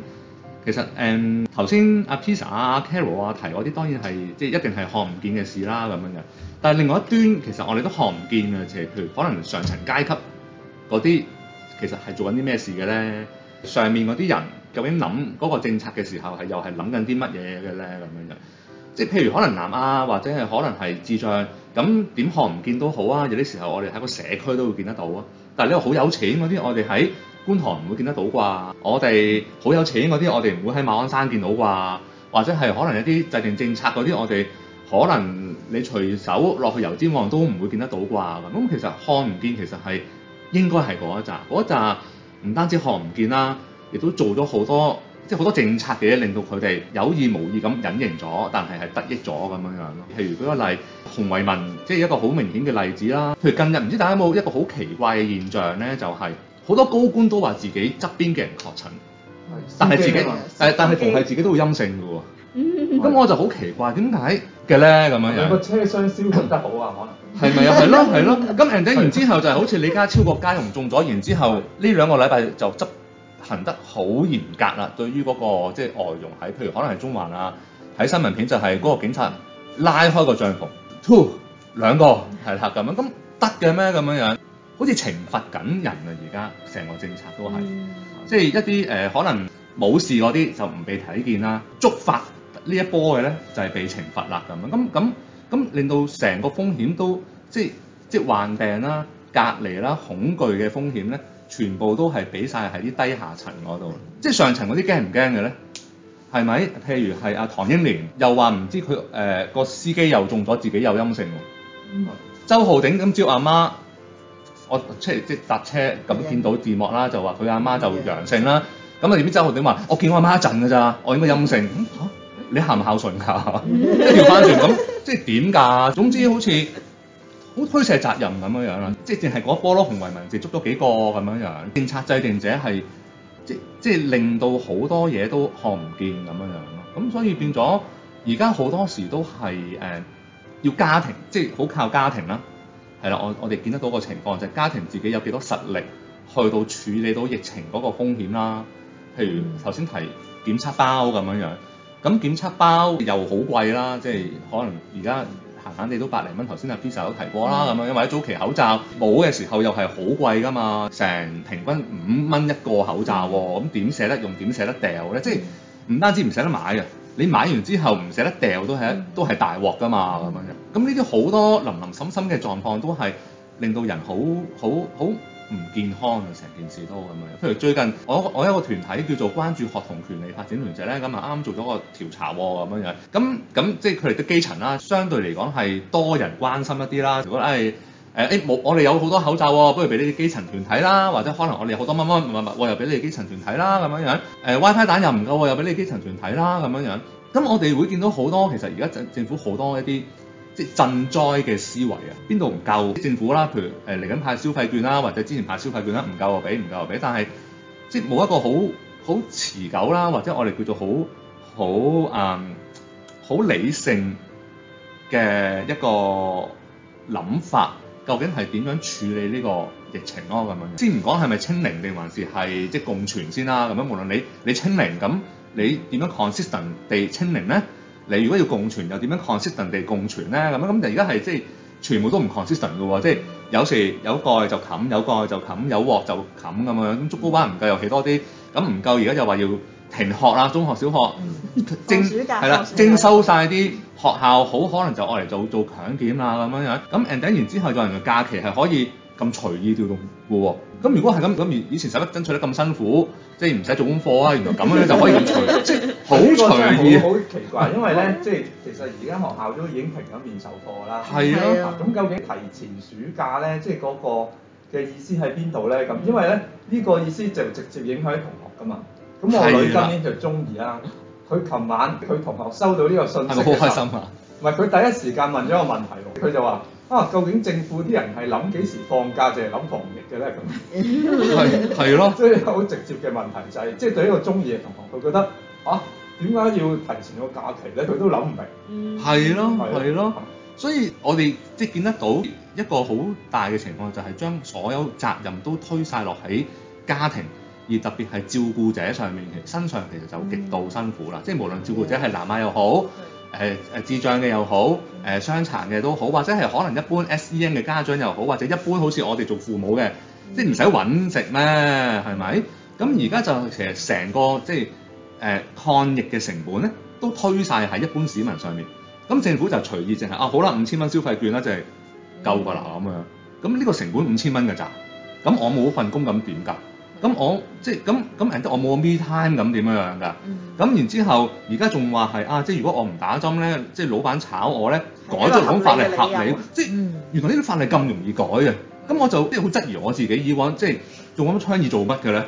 其實誒頭先阿 Pizza 啊、嗯、Carol 啊提嗰啲當然係即係一定係看唔見嘅事啦咁樣樣。但係另外一端其實我哋都看唔見嘅，就係譬如可能上層階級嗰啲其實係做緊啲咩事嘅咧？上面嗰啲人究竟諗嗰個政策嘅時候係又係諗緊啲乜嘢嘅咧咁樣樣？即係譬如可能南亞，或者係可能係智障，咁點看唔見都好啊。有啲時候我哋喺個社區都會見得到啊。但係你話好有錢嗰啲，我哋喺觀塘唔會見得到啩。我哋好有錢嗰啲，我哋唔會喺馬鞍山見到啩。或者係可能有啲制定政策嗰啲，我哋可能你隨手落去油尖旺都唔會見得到啩。咁其實看唔見其實係應該係嗰一拃，嗰一拃唔單止看唔見啦，亦都做咗好多。即係好多政策嘅嘢令到佢哋有意無意咁隱形咗，但係係得益咗咁樣樣咯。譬如舉個例，龔偉森，即係一個好明顯嘅例子啦。譬如近日唔知大家有冇一個好奇怪嘅現象咧，就係好多高官都話自己側邊嘅人確診，但係自己誒但係同係自己都會陰性嘅喎。咁我就好奇怪點解嘅咧咁樣？有個車廂消毒得好啊，可能係咪啊？係咯係咯。咁 Andy 完之後就係好似李家超個家傭中咗，然之後呢兩個禮拜就執。行得好嚴格啦，對於嗰、那個即係外傭喺，譬如可能係中環啊，喺新聞片就係嗰個警察拉開個帳篷，two 兩個係黑咁樣，咁得嘅咩咁樣樣？好似懲罰緊人啊！而家成個政策都係、嗯呃就是，即係一啲誒可能冇事嗰啲就唔被睇見啦，觸發呢一波嘅咧就係被懲罰啦咁樣，咁咁咁令到成個風險都即係即係患病啦、啊、隔離啦、啊、恐懼嘅風險咧。全部都係俾晒喺啲低下層嗰度，即係上層嗰啲驚唔驚嘅咧？係咪？譬如係阿唐英年又話唔知佢誒個司機又中咗，自己有陰性。嗯、周浩鼎今朝阿媽，我出嚟即係搭車咁見到字幕啦，就話佢阿媽就陽性啦。咁啊點知周浩鼎話：我見我阿媽，媽一陣㗎咋，我應該陰性、嗯啊、你孝唔孝順㗎？ 即係調翻轉咁，即係點㗎？總之好似。好推卸責任咁樣樣啦，即係淨係嗰一波咯，行為民就捉咗幾個咁樣樣。政策制定者係即即係令到好多嘢都看唔見咁樣樣咯。咁所以變咗而家好多時都係誒、呃、要家庭，即係好靠家庭啦。係啦，我我哋見得到個情況就係、是、家庭自己有幾多實力去到處理到疫情嗰個風險啦。譬如頭先提檢測包咁樣樣，咁檢測包又好貴啦，即係可能而家。閒閒地都百零蚊，頭先阿 Pizza 有提過啦，咁樣因為早期口罩冇嘅時候又係好貴㗎嘛，成平均五蚊一個口罩喎，咁、嗯、點、嗯、捨得用？點捨得掉咧？即係唔單止唔捨得買嘅，你買完之後唔捨得掉都係都係大鑊㗎嘛，咁、嗯、樣。咁呢啲好多林林深深嘅狀況都係令到人好好好。唔健康啊！成件事都咁樣，譬如最近我我有一個團體叫做關注學童權利發展聯席咧，咁啊啱啱做咗個調查喎，咁樣樣，咁咁即係佢哋嘅基層啦，相對嚟講係多人關心一啲啦。如果誒誒誒冇，我哋有好多口罩喎，不如俾啲基層團體啦，或者可能我哋好多乜乜乜乜，我、嗯嗯嗯嗯、又俾你啲基層團體啦，咁樣樣。誒、嗯啊、WiFi 蛋又唔夠喎，又俾你啲基層團體啦，咁樣樣，樣。咁、嗯、我哋會見到好多其實而家政政府好多一啲。即係賑災嘅思維啊，邊度唔夠？政府啦，譬如誒嚟緊派消費券啦，或者之前派消費券啦，唔夠啊俾，唔夠啊俾。但係即係冇一個好好持久啦，或者我哋叫做好好誒好理性嘅一個諗法，究竟係點樣處理呢個疫情咯、啊？咁樣先唔講係咪清零定還是係即係共存先啦？咁樣無論你你清零，咁你點樣 consistent 地清零咧？你如果要共存，又點樣 consistent 地共存咧？咁樣咁就而家係即係全部都唔 consistent 嘅喎，即係有時有蓋就蓋就冚，有蓋就蓋就冚，有鑊就冚咁樣，咁竹篙灣唔夠又起多啲，咁唔夠而家又話要停學啊，中學、小學，精係啦，徵收晒啲學校，好可能就愛嚟做做強檢啦咁樣樣。咁 ending 完之後，就人哋假期係可以咁隨意調動嘅喎。咁如果係咁，咁以前使乜爭取得咁辛苦？即唔使做功課啊！原來咁樣就可以延即係好隨意。好奇怪，因為咧， 即係其實而家學校都已經停咗面授課啦。係是啊，啊，咁究竟提前暑假咧，即係嗰個嘅意思喺邊度咧？咁因為咧呢、嗯、個意思就直接影響同學噶嘛。咁我女今年就中二啦，佢琴是、啊、晚佢同學收到呢個訊息，係咪好開心啊？唔係，佢第一時間問咗個問題，佢就話。啊！究竟政府啲人係諗幾時放假，淨係諗防疫嘅咧？咁係係咯，所以好直接嘅問題就係、是，即、就、係、是、對一個中意嘅同學，佢覺得啊點解要提前個假期咧？佢都諗唔明。嗯，係咯係咯，的的所以我哋即係見得到一個好大嘅情況，就係將所有責任都推晒落喺家庭，而特別係照顧者上面嘅身上，其實就極度辛苦啦。即係、嗯、無論照顧者係南亞又好。嗯誒誒、呃，智障嘅又好，誒、呃、傷殘嘅都好，或者係可能一般 S E N 嘅家長又好，或者一般好似我哋做父母嘅，即係唔使揾食咩，係咪？咁而家就其實成個即係誒、呃、抗疫嘅成本咧，都推晒喺一般市民上面。咁政府就隨意淨係啊，好啦，五千蚊消費券啦，就係夠㗎啦咁樣。咁呢個成本五千蚊㗎咋？咁我冇份工咁點㗎？咁我即係咁咁，and 我冇 me time 咁點樣樣㗎？咁然之後，而家仲話係啊，即係如果我唔打針咧，即係老闆炒我咧，改咗講法例合理。即係原來呢啲法例咁容易改嘅，咁我就即係好質疑我自己。以往即係做咁多倡議做乜嘅咧？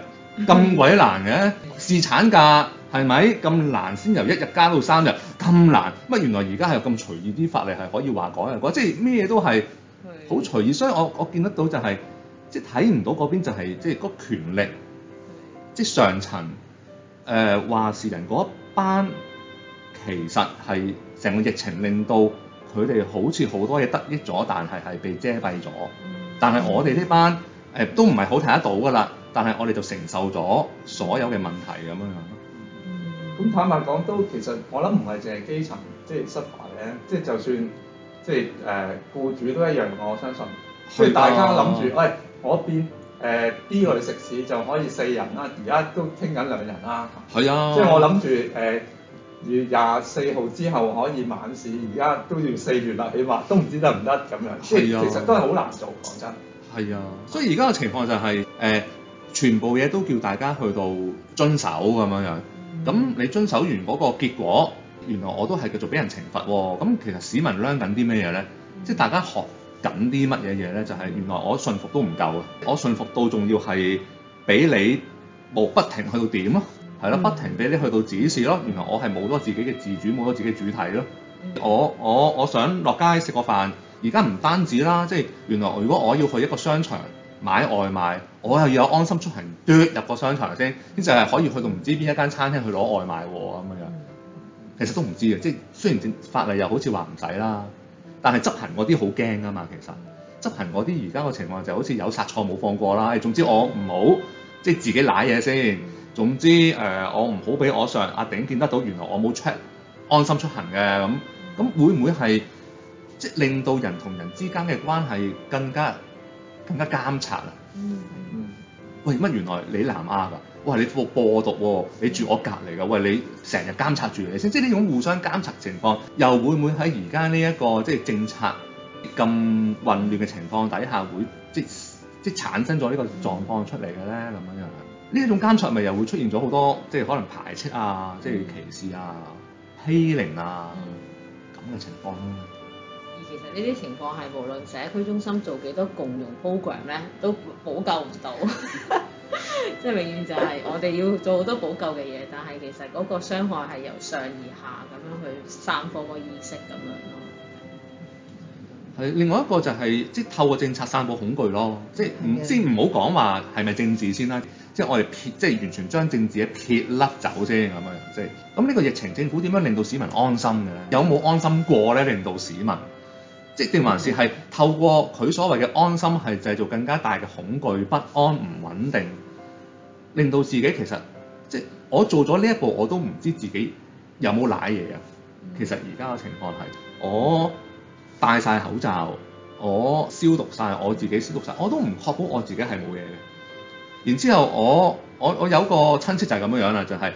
咁鬼難嘅侍產假係咪咁難先由一日加到三日？咁難乜？原來而家係咁隨意啲法例係可以話改嘅，即係咩都係好隨意。所以我我見得到就係。睇唔到嗰邊就係即係嗰個權力，即係上層誒話事人嗰一班，其實係成個疫情令到佢哋好似好多嘢得益咗，但係係被遮蔽咗。
但係我哋呢
班誒都唔係好睇得到㗎啦。但係我哋就承受咗所有嘅問題咁樣樣。咁坦白講，都其實我諗唔係淨係基層即係失敗嘅，即係就算即係誒僱主都一樣，我相信。所以大家諗住，喂的！哎我邊誒 D 類食肆就可以四人啦，而家都傾緊兩人啦。係啊呀，即係我諗住、呃、月廿四號之後可以晚市，而家都要四月啦，你話都唔知得唔得咁樣。係啊，即係其實都係好難做，講真。係啊，所以而家嘅情況就係、是、誒、呃，全部嘢都叫大家去到遵守咁樣樣。咁、嗯、你遵守完嗰個結果，原來我都係繼續俾人懲罰喎、哦。咁其實市民 learn 緊啲咩嘢咧？即係、嗯、大家學緊啲乜嘢嘢咧？就係、是、原來我信服都唔夠啊！我信服到仲要係俾你無不停去到點咯，係咯，嗯、不停俾你去到指示咯。原來我係冇咗自己嘅自主，冇咗自己主體咯。嗯、我我我想落街食個飯，而家唔單止啦，即係原來如果我要去一個商場買外賣，我又要有安心出行，嘟入個商場先，先就係可以去到唔知邊一間餐廳去攞外賣喎咁樣。其實都唔知嘅，即係雖然法例又好似話唔使啦。但係執行嗰啲好驚㗎嘛，其實執行嗰啲而家個情況就好似有殺錯冇放過啦。誒，總之我唔好即係自己舐嘢先。總之誒、呃，我唔好俾我上阿頂見得到，原來我冇出安心出行嘅咁。咁會唔會係即係令到人同人之間嘅關係更加更加監察啊？嗯嗯。
嗯
喂，乜原來你南亞㗎？喂，你副播毒喎，哦？你住我隔離㗎？喂，你成日監察住你先，即係呢種互相監察情況，又會唔會喺而家呢一個即係政策咁混亂嘅情況底下，會即即產生咗呢個狀況出嚟嘅咧？咁樣樣，呢一種監察咪又會出現咗好多，即係可能排斥啊，即係歧視啊，欺凌啊咁嘅情況
咯。而其實呢啲情況係無論社區中心做幾多共用 program 咧，都補救唔到。 即係永遠就係我哋要做好多補救嘅嘢，但係其實嗰個傷害係由上而下咁樣去散播個意識咁樣
咯。係另外一個就係、是、即係透過政策散播恐懼咯，即係唔的先唔好講話係咪政治先啦，即係我哋撇即係完全將政治一撇甩走先咁樣，即係咁呢個疫情政府點樣令到市民安心嘅咧？有冇安心過咧？令到市民？即定還是係透過佢所謂嘅安心，係製造更加大嘅恐懼、不安、唔穩定，令到自己其實，即我做咗呢一步，我都唔知自己有冇攋嘢啊。其實而家嘅情況係我戴晒口罩，我消毒晒，我自己消毒晒，我都唔確保我自己係冇嘢嘅。然之後我我我有個親戚就係咁樣樣啦，就係、是、誒、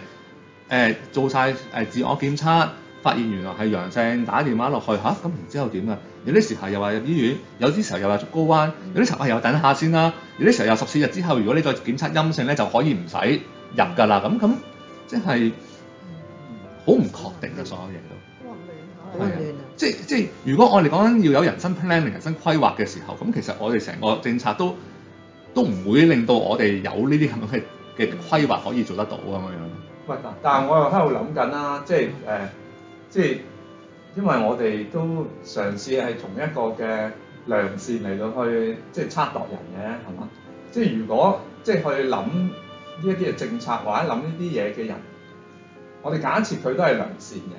呃、做晒誒、呃、自我檢測。發現原來係陽性，打電話落去吓，咁然之後點啊？有啲時候又話入醫院，有啲時候又話竹篙灣，有啲時候又等下先啦。有啲時候又十四日之後，如果你再檢測陰性咧，就可以唔使入㗎啦。咁咁即係好唔確定啊！所有嘢都，好亂啊、嗯嗯嗯、即係即係，如果我哋講緊要有人生 plan 定人生規劃嘅時候，咁其實我哋成個政策都都唔會令到我哋有呢啲咁嘅嘅規劃可以做得到咁樣樣。但係我又喺度諗緊啦，即係誒。呃即係，因為我哋都嘗試係從一個嘅良善嚟到去，即係測度人嘅，係嘛？即係如果即係去諗呢一啲嘅政策或者諗呢啲嘢嘅人，我哋假設佢都係良善嘅，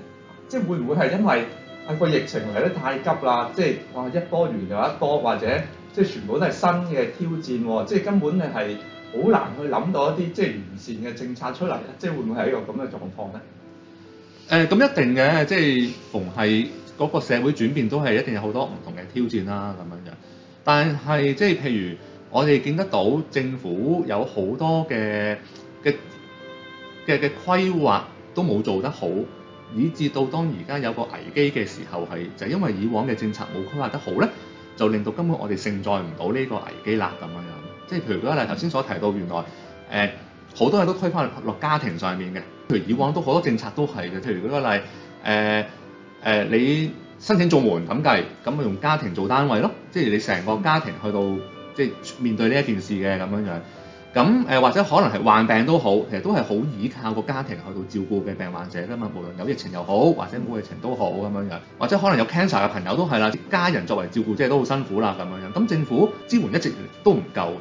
即係會唔會係因為啊個疫情嚟得太急啦？即係哇一波完又一波，或者即係全部都係新嘅挑戰喎，即係根本係好難去諗到一啲即係完善嘅政策出嚟，即係會唔會係一個咁嘅狀況咧？誒咁、嗯、一定嘅，即係逢係嗰個社會轉變都係一定有好多唔同嘅挑戰啦咁樣樣。但係即係譬如我哋見得到政府有好多嘅嘅嘅嘅規劃都冇做得好，以至到當而家有個危機嘅時候係就係、因為以往嘅政策冇規劃得好咧，就令到根本我哋承載唔到呢個危機啦咁樣樣。即係譬如嗰一例頭先所提到，原來誒好、呃、多嘢都推翻落家庭上面嘅。譬如以往都好多政策都係嘅，譬如嗰個例誒誒、呃呃，你申請做無咁審計，咁咪用家庭做單位咯，即係你成個家庭去到即係面對呢一件事嘅咁樣樣。咁誒、呃、或者可能係患病都好，其實都係好倚靠個家庭去到照顧嘅病患者㗎嘛。無論有疫情又好，或者冇疫情都好咁樣樣，或者可能有 cancer 嘅朋友都係啦，家人作為照顧即係都好辛苦啦咁樣樣。咁政府支援一直都唔夠，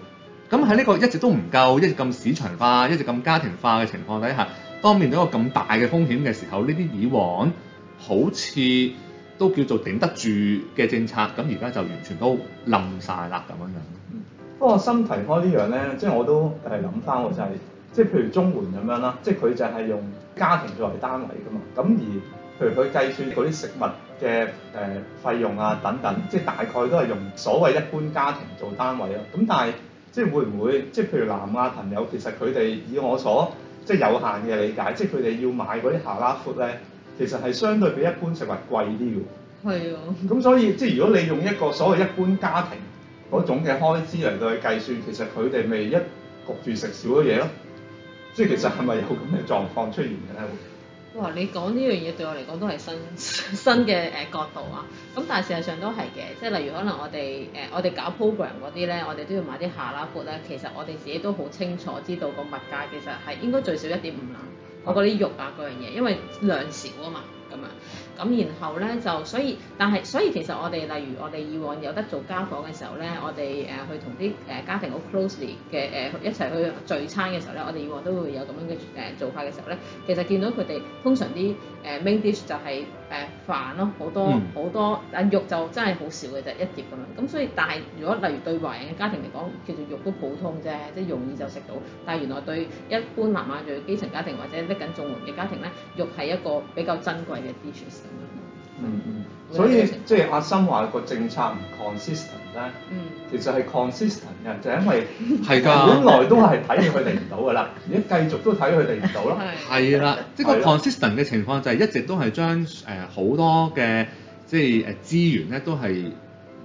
咁喺呢個一直都唔夠，一直咁市場化，一直咁家庭化嘅情況底下。當面對一個咁大嘅風險嘅時候，呢啲以往好似都叫做頂得住嘅政策，咁而家就完全都冧晒啦咁樣。嗯，不過新提開呢樣咧，即係我都誒諗翻喎，就係即係譬如綜援咁樣啦，即係佢就係用家庭作為單位㗎嘛。咁而譬如佢計算嗰啲食物嘅誒費用啊等等，即係大概都係用所謂一般家庭做單位咯。咁但係即係會唔會即係譬如南亞朋友，其實佢哋以我所即係有限嘅理解，即係佢哋要買嗰啲下拉闊咧，其實係相對比一般食物貴啲嘅。係啊的。咁所以即係如果你用一個所謂一般家庭嗰種嘅開支嚟到去計算，其實佢哋咪一焗住食少咗嘢咯。即係其實係咪有咁嘅狀況出現嘅咧？
哇！你講呢樣嘢對我嚟講都係新 新嘅誒角度啊！咁、呃、但係事實上都係嘅，即係例如可能我哋誒、呃、我哋搞 program 嗰啲咧，我哋都要買啲下拉骨咧。其實我哋自己都好清楚知道個物價其實係應該最少一點五啦。哦、我講啲肉啊嗰樣嘢，因為量少啊嘛。咁然後咧就所以，但係所以其實我哋例如我哋以往有得做家訪嘅時候咧，我哋誒、呃、去同啲誒家庭好 closely 嘅誒、呃、一齊去聚餐嘅時候咧，我哋以往都會有咁樣嘅誒做法嘅時候咧，其實見到佢哋通常啲誒 main dish 就係誒飯咯，好多好、嗯、多，但肉就真係好少嘅啫，一碟咁樣。咁、嗯、所以但係如果例如對華人嘅家庭嚟講，其實肉都普通啫，即係容易就食到。但係原來對一般南亞裔基層家庭或者拎緊種糧嘅家庭咧，肉係一個比較珍貴嘅 dish。嗯嗯，mm hmm. 所以
即係阿森話個政策唔 consistent 咧、mm，hmm. 其實係 consistent 嘅，就係、是、因為係㗎，本 的來都係睇見佢哋唔到㗎啦，而家 繼續都睇佢哋唔到咯。係啦， 即、就、係、是、個 consistent 嘅情況就係一直都係將誒好多嘅即係誒資源咧都係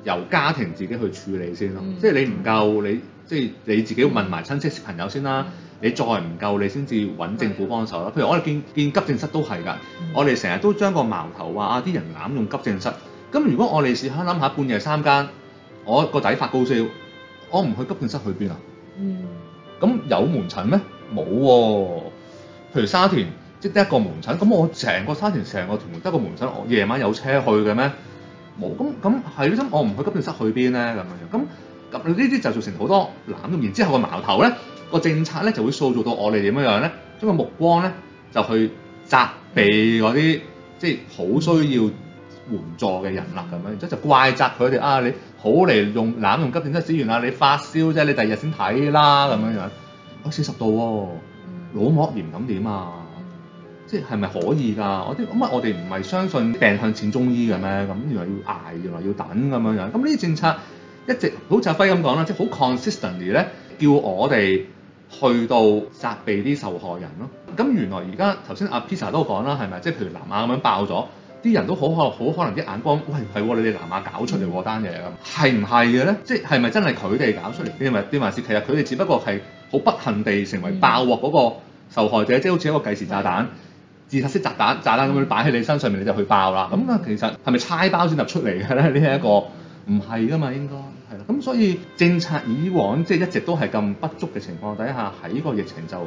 由家庭自己去處理先咯。即係、mm hmm. 你唔夠你即係、就是、你自己問埋親戚朋友先啦。Mm hmm. 你再唔夠，你先至揾政府幫手啦。譬如我哋見見急症室都係㗎，我哋成日都將個矛頭話啊，啲人濫用急症室。咁如果我哋試下諗下半夜三更，我個仔發高燒，我唔去急症室去邊啊？嗯。咁有門診咩？冇喎。譬如沙田即得一個門診，咁我成個沙田成個屯門得個門診，我夜晚有車去嘅咩？冇。咁咁係咯，咁我唔去急症室去邊咧？咁樣樣。咁咁呢啲就造成好多濫用，然之後個矛頭咧。個政策咧就會塑造到我哋點樣樣咧，將個目光咧就去責備嗰啲即係好需要援助嘅人啦，咁樣，然之後就是、怪責佢哋啊！你好嚟用濫用急症室，資源啊，你發燒啫，你第二日先睇啦，咁樣樣，我、啊、四十度喎、啊，腦膜炎咁點啊？即係係咪可以㗎？我啲咁啊，我哋唔係相信病向淺中醫㗎咩？咁原，原來要捱，原來要等咁樣樣。咁呢啲政策一直好似阿輝咁講啦，即、就、係、是、好 consistently 咧，叫我哋。去到責備啲受害人咯，咁原來而家頭先阿 Pizza 都講啦，係咪？即係譬如南亞咁樣爆咗，啲人都好可好可能啲眼光，喂係喎，你哋南亞搞出嚟喎單嘢咁，係唔係嘅咧？即係係咪真係佢哋搞出嚟？啲人話啲人話，其實佢哋只不過係好不幸地成為爆鑊嗰個受害者，嗯、即係好似一個計時炸彈、自殺式炸彈、炸彈咁樣擺喺你身上面、嗯、你就去爆啦。咁啊、嗯，其實係咪猜包先入出嚟嘅咧？呢、係、一個唔係㗎嘛，應該。咁所以政策以往即係一直都係咁不足嘅情況底下，喺個疫情就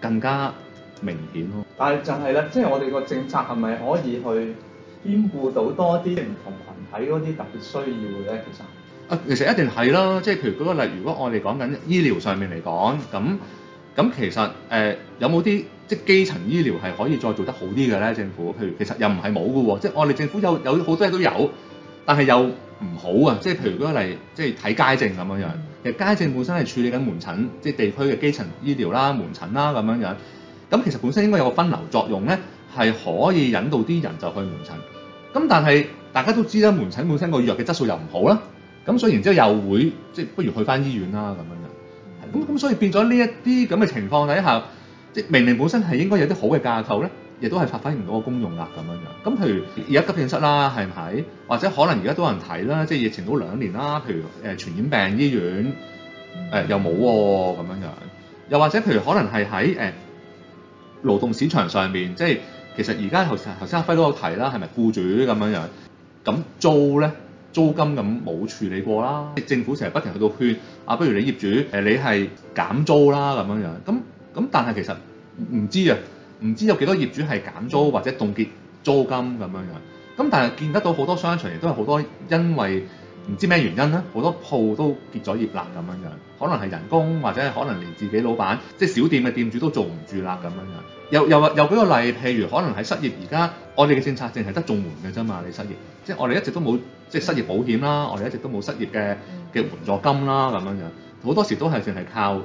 更加明顯咯。但係就係咧，即係我哋個政策係咪可以去兼顧到多啲唔同群體嗰啲特別需要嘅咧？其實啊，其實一定係啦，即係譬如舉個例，如果我哋講緊醫療上面嚟講，咁咁其實誒、呃、有冇啲即係基層醫療係可以再做得好啲嘅咧？政府譬如其實又唔係冇嘅喎，即係我哋政府有有好多嘢都有，但係又唔好啊！即係譬如嗰個例，即係睇街症咁樣樣。其實街症本身係處理緊門診，即係地區嘅基層醫療啦、門診啦咁樣樣。咁其實本身應該有個分流作用咧，係可以引導啲人就去門診。咁但係大家都知啦，門診本身個藥嘅質素又唔好啦。咁所以然之後又會即係不如去翻醫院啦咁樣樣。咁咁所以變咗呢一啲咁嘅情況底下，即係明明本身係應該有啲好嘅架構咧。亦都係發揮唔到個功用啦，咁樣樣。咁譬如而家急症室啦，係唔係？或者可能而家都有人睇啦，即係疫情都兩年啦。譬如誒、呃、傳染病醫院誒、呃、又冇喎、啊，咁樣樣。又或者譬如可能係喺誒勞動市場上面，即係其實而家頭頭先阿輝都有提啦，係咪僱主咁樣樣？咁租咧，租金咁冇處理過啦。政府成日不停去到勸啊，不如你業主誒你係減租啦，咁樣樣。咁咁但係其實唔知啊。唔知有幾多業主係減租或者凍結租金咁樣樣，咁但係見得到好多商場亦都有好多因為唔知咩原因啦，好多鋪都結咗業嘞，咁樣樣，可能係人工或者係可能連自己老闆即係小店嘅店主都做唔住啦，咁樣樣。又又又舉個例譬如，可能係失業，而家我哋嘅政策淨係得綜援嘅啫嘛，你失業，即係我哋一直都冇即係失業保險啦，我哋一直都冇失業嘅嘅援助金啦咁樣樣，好多時都係算係靠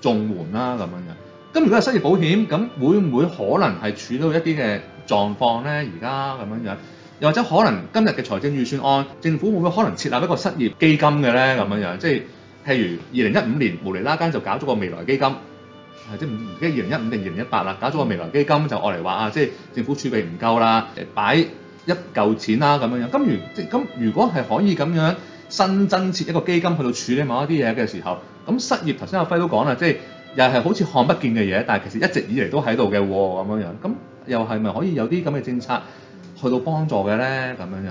綜援啦咁樣樣。咁如果係失業保險，咁會唔會可能係處到一啲嘅狀況咧？而家咁樣樣，又或者可能今日嘅財政預算案，政府會唔會可能設立一個失業基金嘅咧？咁樣樣，即係譬如二零一五年無釐啦間就搞咗個未來基金，係即係二零一五定二零一八啦，搞咗個未來基金就愛嚟話啊，即係政府儲備唔夠啦，擺一嚿錢啦咁樣樣。咁如即係咁，如果係可以咁樣新增設一個基金去到處理某一啲嘢嘅時候，咁失業頭先阿輝都講啦，即係。又係好似看不見嘅嘢，但係其實一直以嚟都喺度嘅喎，咁樣樣，咁又係咪可以有啲咁嘅政策去到幫助嘅咧？咁樣樣，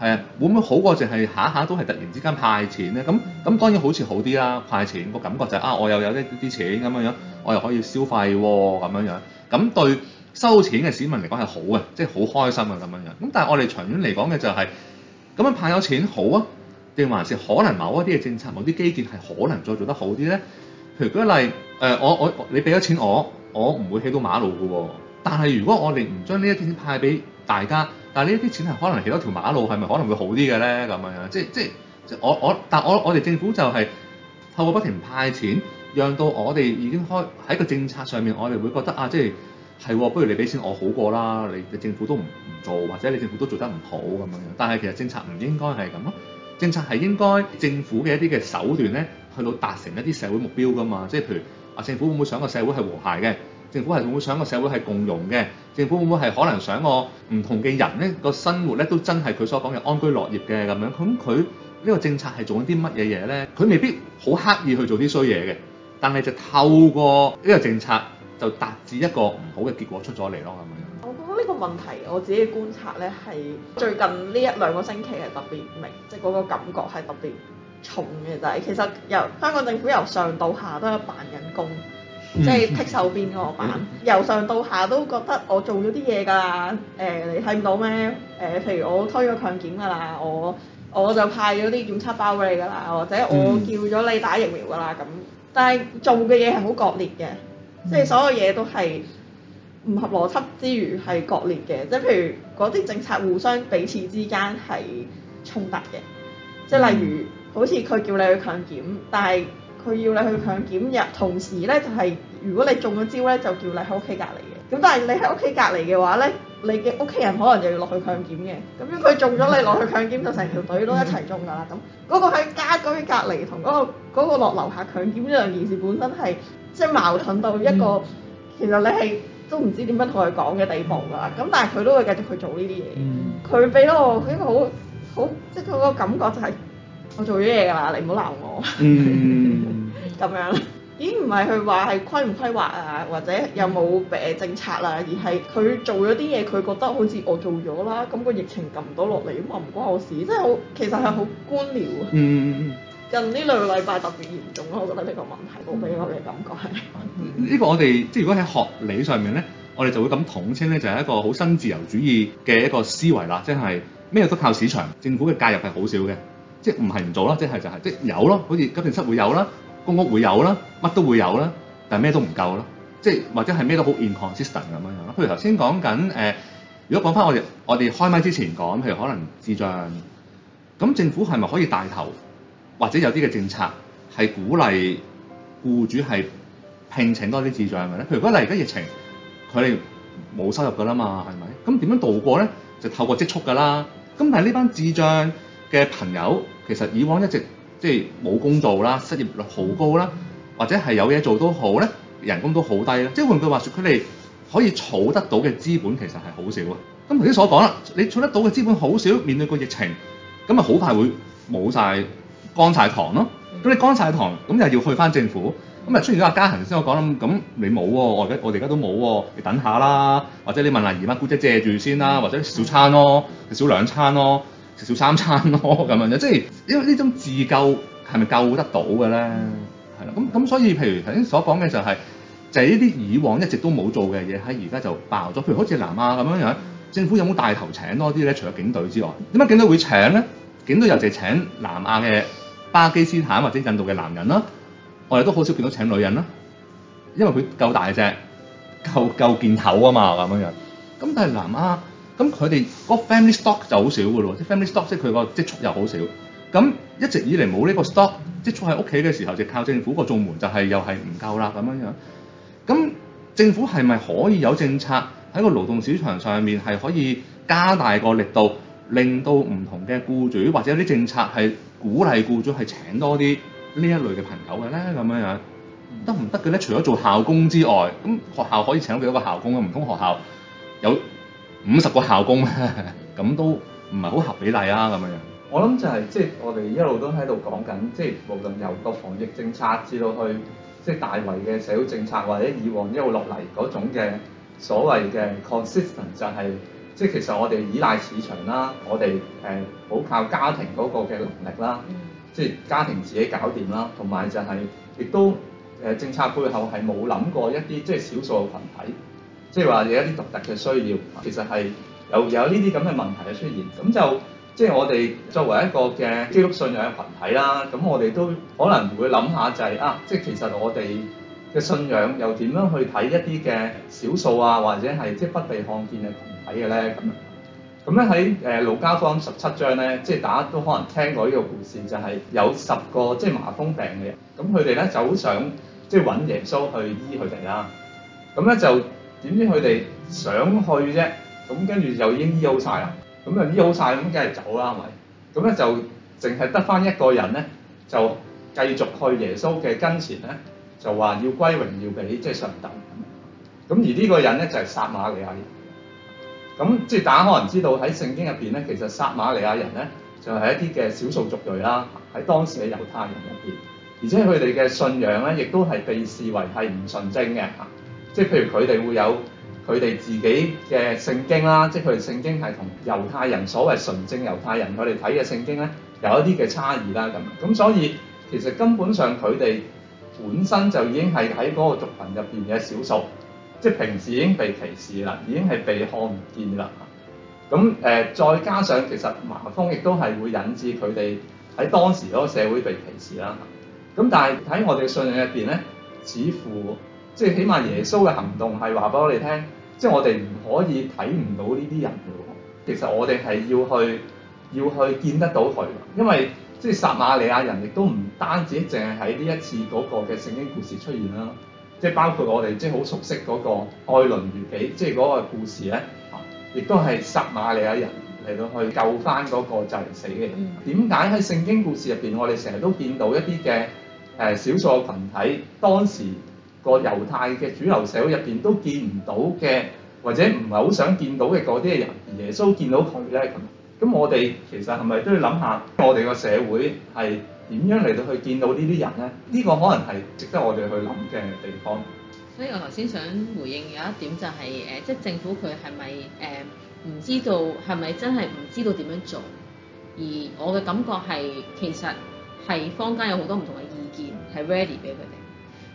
係啊，會唔會好過淨係下下都係突然之間派錢咧？咁咁當然好似好啲啦、啊，派錢個感覺就係、是、啊，我又有一啲錢咁樣樣，我又可以消費喎、啊，咁樣樣，咁對收錢嘅市民嚟講係好嘅，即係好開心啊。咁樣樣。咁但係我哋長遠嚟講嘅就係、是、咁樣派有錢好啊，定還是可能某一啲嘅政策、某啲基建係可能再做得好啲咧？譬如舉例，誒我我，你俾咗錢我，我唔會起到馬路嘅喎。但係如果我哋唔將呢一啲錢派俾大家，但係呢一啲錢係可能起多條馬路，係咪可能會好啲嘅咧？咁樣即即即我我，但我我哋政府就係透過不停派錢，讓到我哋已經開喺個政策上面，我哋會覺得啊，即係係、哦、不如你俾錢我好過啦，你政府都唔唔做，或者你政府都做得唔好咁樣。但係其實政策唔應該係咁咯，政策係應該政府嘅一啲嘅手段咧。去到達成一啲社會目標㗎嘛，即係譬如啊，政府會唔會想個社會係和諧嘅？政府係會唔會想個社會係共融嘅？政府會唔會係可能想個唔同嘅人咧個生活咧都真係佢所講嘅安居樂業嘅咁樣？咁佢呢個政策係做緊啲乜嘢嘢咧？佢未必好刻意去做啲衰嘢嘅，但係就透過呢個政策就達至一個唔好嘅結果出咗嚟咯咁樣。
我覺得呢個問題我自己嘅觀察咧係最近呢一兩個星期係特別明，即係嗰個感覺係特別重嘅就係其實由香港政府由上到下都喺度扮緊工，即係剔手邊嗰個板。由上到下都覺得我做咗啲嘢㗎啦，誒你睇唔到咩？誒譬如我推咗強檢㗎啦，我我就派咗啲檢測包俾你㗎啦，或者我叫咗你打疫苗㗎啦咁。但係做嘅嘢係好割裂嘅，即係所有嘢都係唔合邏輯之餘係割裂嘅，即係譬如嗰啲政策互相彼此之間係衝突嘅，即係例如。好似佢叫你去強檢，但係佢要你去強檢入，同時咧就係、是、如果你中咗招咧，就叫你喺屋企隔離嘅。咁但係你喺屋企隔離嘅話咧，你嘅屋企人可能就要落去強檢嘅。咁樣佢中咗你落去強檢，就成條隊都一齊中㗎啦。咁、那、嗰個喺家居隔離同嗰個落、那個、樓下強檢呢兩件事本身係即係矛盾到一個，其實你係都唔知點樣同佢講嘅地步㗎啦。咁但係佢都會繼續去做呢啲嘢。佢俾到我一個好好即係嗰個感覺就係、是。我做咗嘢㗎啦，你唔好鬧我。嗯嗯嗯。咁樣，已經唔係佢話係規唔規劃啊，或者有冇誒政策啊，而係佢做咗啲嘢，佢覺得好似我做咗啦，咁個疫情撳唔到落嚟，咁話唔關我事，真係好，其實係好官僚。嗯近呢兩個禮拜特別嚴重咯、啊，我覺得呢個問題，我俾我嘅感覺係。
呢、嗯呢個我哋即係如果喺學理上面咧，我哋就會咁統稱咧，就係一個好新自由主義嘅一個思維啦，即係咩都靠市場，政府嘅介入係好少嘅。即係唔係唔做啦，即係就係、是，即係有咯，好似急症室會有啦，公屋會有啦，乜都會有啦，但係咩都唔夠啦，即係或者係咩都好 inconsistent 咁樣樣啦。譬如頭先講緊誒，如果講翻我哋我哋開麥之前講，譬如可能智障，咁政府係咪可以帶頭或者有啲嘅政策係鼓勵僱主係聘請多啲智障嘅咧？譬如果你而家疫情佢哋冇收入㗎啦嘛，係咪？咁點樣度過咧？就透過積蓄㗎啦。咁但係呢班智障嘅朋友。其實以往一直即係冇工做啦，失業率好高啦，或者係有嘢做都好咧，人工都好低咧。即係換句話説，佢哋可以儲得到嘅資本其實係好少啊。咁頭先所講啦，你儲得到嘅資本好少，面對個疫情，咁啊好快會冇晒乾晒堂咯。咁你乾晒堂，咁又要去翻政府，咁啊出現咗阿嘉恒先我講啦，咁你冇喎，我而家我哋而家都冇喎，你等下啦，或者你問阿姨媽姑姐借住先啦，或者少餐咯，少兩餐咯。食少三餐咯，咁樣啫，即係因為呢種自救係咪救得到嘅咧？係啦、嗯，咁咁所以譬如頭先所講嘅就係、是、就係呢啲以往一直都冇做嘅嘢喺而家就爆咗，譬如好似南亞咁樣樣，政府有冇帶頭請多啲咧？除咗警隊之外，點解警隊會請咧？警隊尤其係請南亞嘅巴基斯坦或者印度嘅男人啦，我哋都好少見到請女人啦，因為佢夠大隻、夠夠見頭啊嘛，咁樣樣。咁但係南亞。咁佢哋嗰個 family stock 就好少㗎咯，即、就、係、是、family stock 即係佢個積蓄又好少。咁一直以嚟冇呢個 stock 積蓄喺屋企嘅時候，就靠政府個綜援就係、是、又係唔夠啦咁樣樣。咁政府係咪可以有政策喺個勞動市場上面係可以加大個力度，令到唔同嘅僱主或者有啲政策係鼓勵僱主係請多啲呢一類嘅朋友嘅咧？咁樣樣得唔得嘅咧？除咗做校工之外，咁學校可以請到幾多一個校工啊？唔通學校有？五十個校工咧，咁 都唔係好合比例啊，咁樣樣、就是。就是、我諗就係即係我哋一路都喺度講緊，即係無論由個防疫政策至到去，即、就、係、是、大圍嘅社會政策，或者以往一路落嚟嗰種嘅所謂嘅 consistent 就係、是，即、就、係、是、其實我哋依賴市場啦，我哋誒好靠家庭嗰個嘅能力啦，即、就、係、是、家庭自己搞掂啦，同埋就係、是、亦都誒政策背後係冇諗過一啲即係少數嘅群體。即係話有一啲獨特嘅需要，其實係有有呢啲咁嘅問題嘅出現。咁就即係我哋作為一個嘅基督信仰嘅群體啦，咁我哋都可能會諗下就係、是、啊，即係其實我哋嘅信仰又點樣去睇一啲嘅少數啊，或者係即係不被看見嘅群體嘅咧？咁樣咁咧喺誒路加福音十七章咧，即係大家都可能聽過呢個故事，就係、是、有十個即係麻風病嘅人，咁佢哋咧走上即係揾耶穌去醫佢哋啦。咁咧就。點知佢哋想去啫？咁跟住又已經醫好晒啦。咁啊醫好晒，咁，梗係走啦，係咪？咁咧就淨係得返一個人咧，就繼續去耶穌嘅跟前咧，就話要歸榮耀俾即係上帝。咁而呢個人咧就係撒瑪利亞人。咁即係大家可能知道喺聖經入邊咧，其實撒瑪利亞人咧就係一啲嘅少數族裔啦，喺當時嘅猶太人入邊，而且佢哋嘅信仰咧亦都係被視為係唔純正嘅。即係譬如佢哋會有佢哋自己嘅聖經啦，即係佢哋聖經係同猶太人所謂純正猶太人佢哋睇嘅聖經咧有一啲嘅差異啦，咁咁所以其實根本上佢哋本身就已經係喺嗰個族群入邊嘅少數，即係平時已經被歧視啦，已經係被看唔見啦。咁誒再加上其實麻風亦都係會引致佢哋喺當時嗰個社會被歧視啦。咁但係喺我哋嘅信仰入邊咧，似乎即係起碼耶穌嘅行動係話俾我哋聽，即、就、係、是、我哋唔可以睇唔到呢啲人嘅。其實我哋係要去要去見得到佢，因為即係、就是、撒瑪利亞人亦都唔單止淨係喺呢一次嗰個嘅聖經故事出現啦。即、就、係、是、包括我哋即係好熟悉嗰、那個愛鄰如己，即係嗰個故事咧，亦都係撒瑪利亞人嚟到去救翻嗰個就嚟死嘅人。點解喺聖經故事入邊，我哋成日都見到一啲嘅誒少數群體當時？個猶太嘅主流社會入邊都見唔到嘅，或者唔係好想見到嘅嗰啲嘅人，耶穌見到佢咧咁。咁我哋其實係咪都要諗下，我哋個社會係點樣嚟到去見到呢啲人咧？呢個可能係值得我哋去諗嘅地方。
所以我頭先想回應有一點就係，誒，即係政府佢係咪誒唔知道係咪真係唔知道點樣做？而我嘅感覺係其實係坊間有好多唔同嘅意見係 ready 俾佢哋。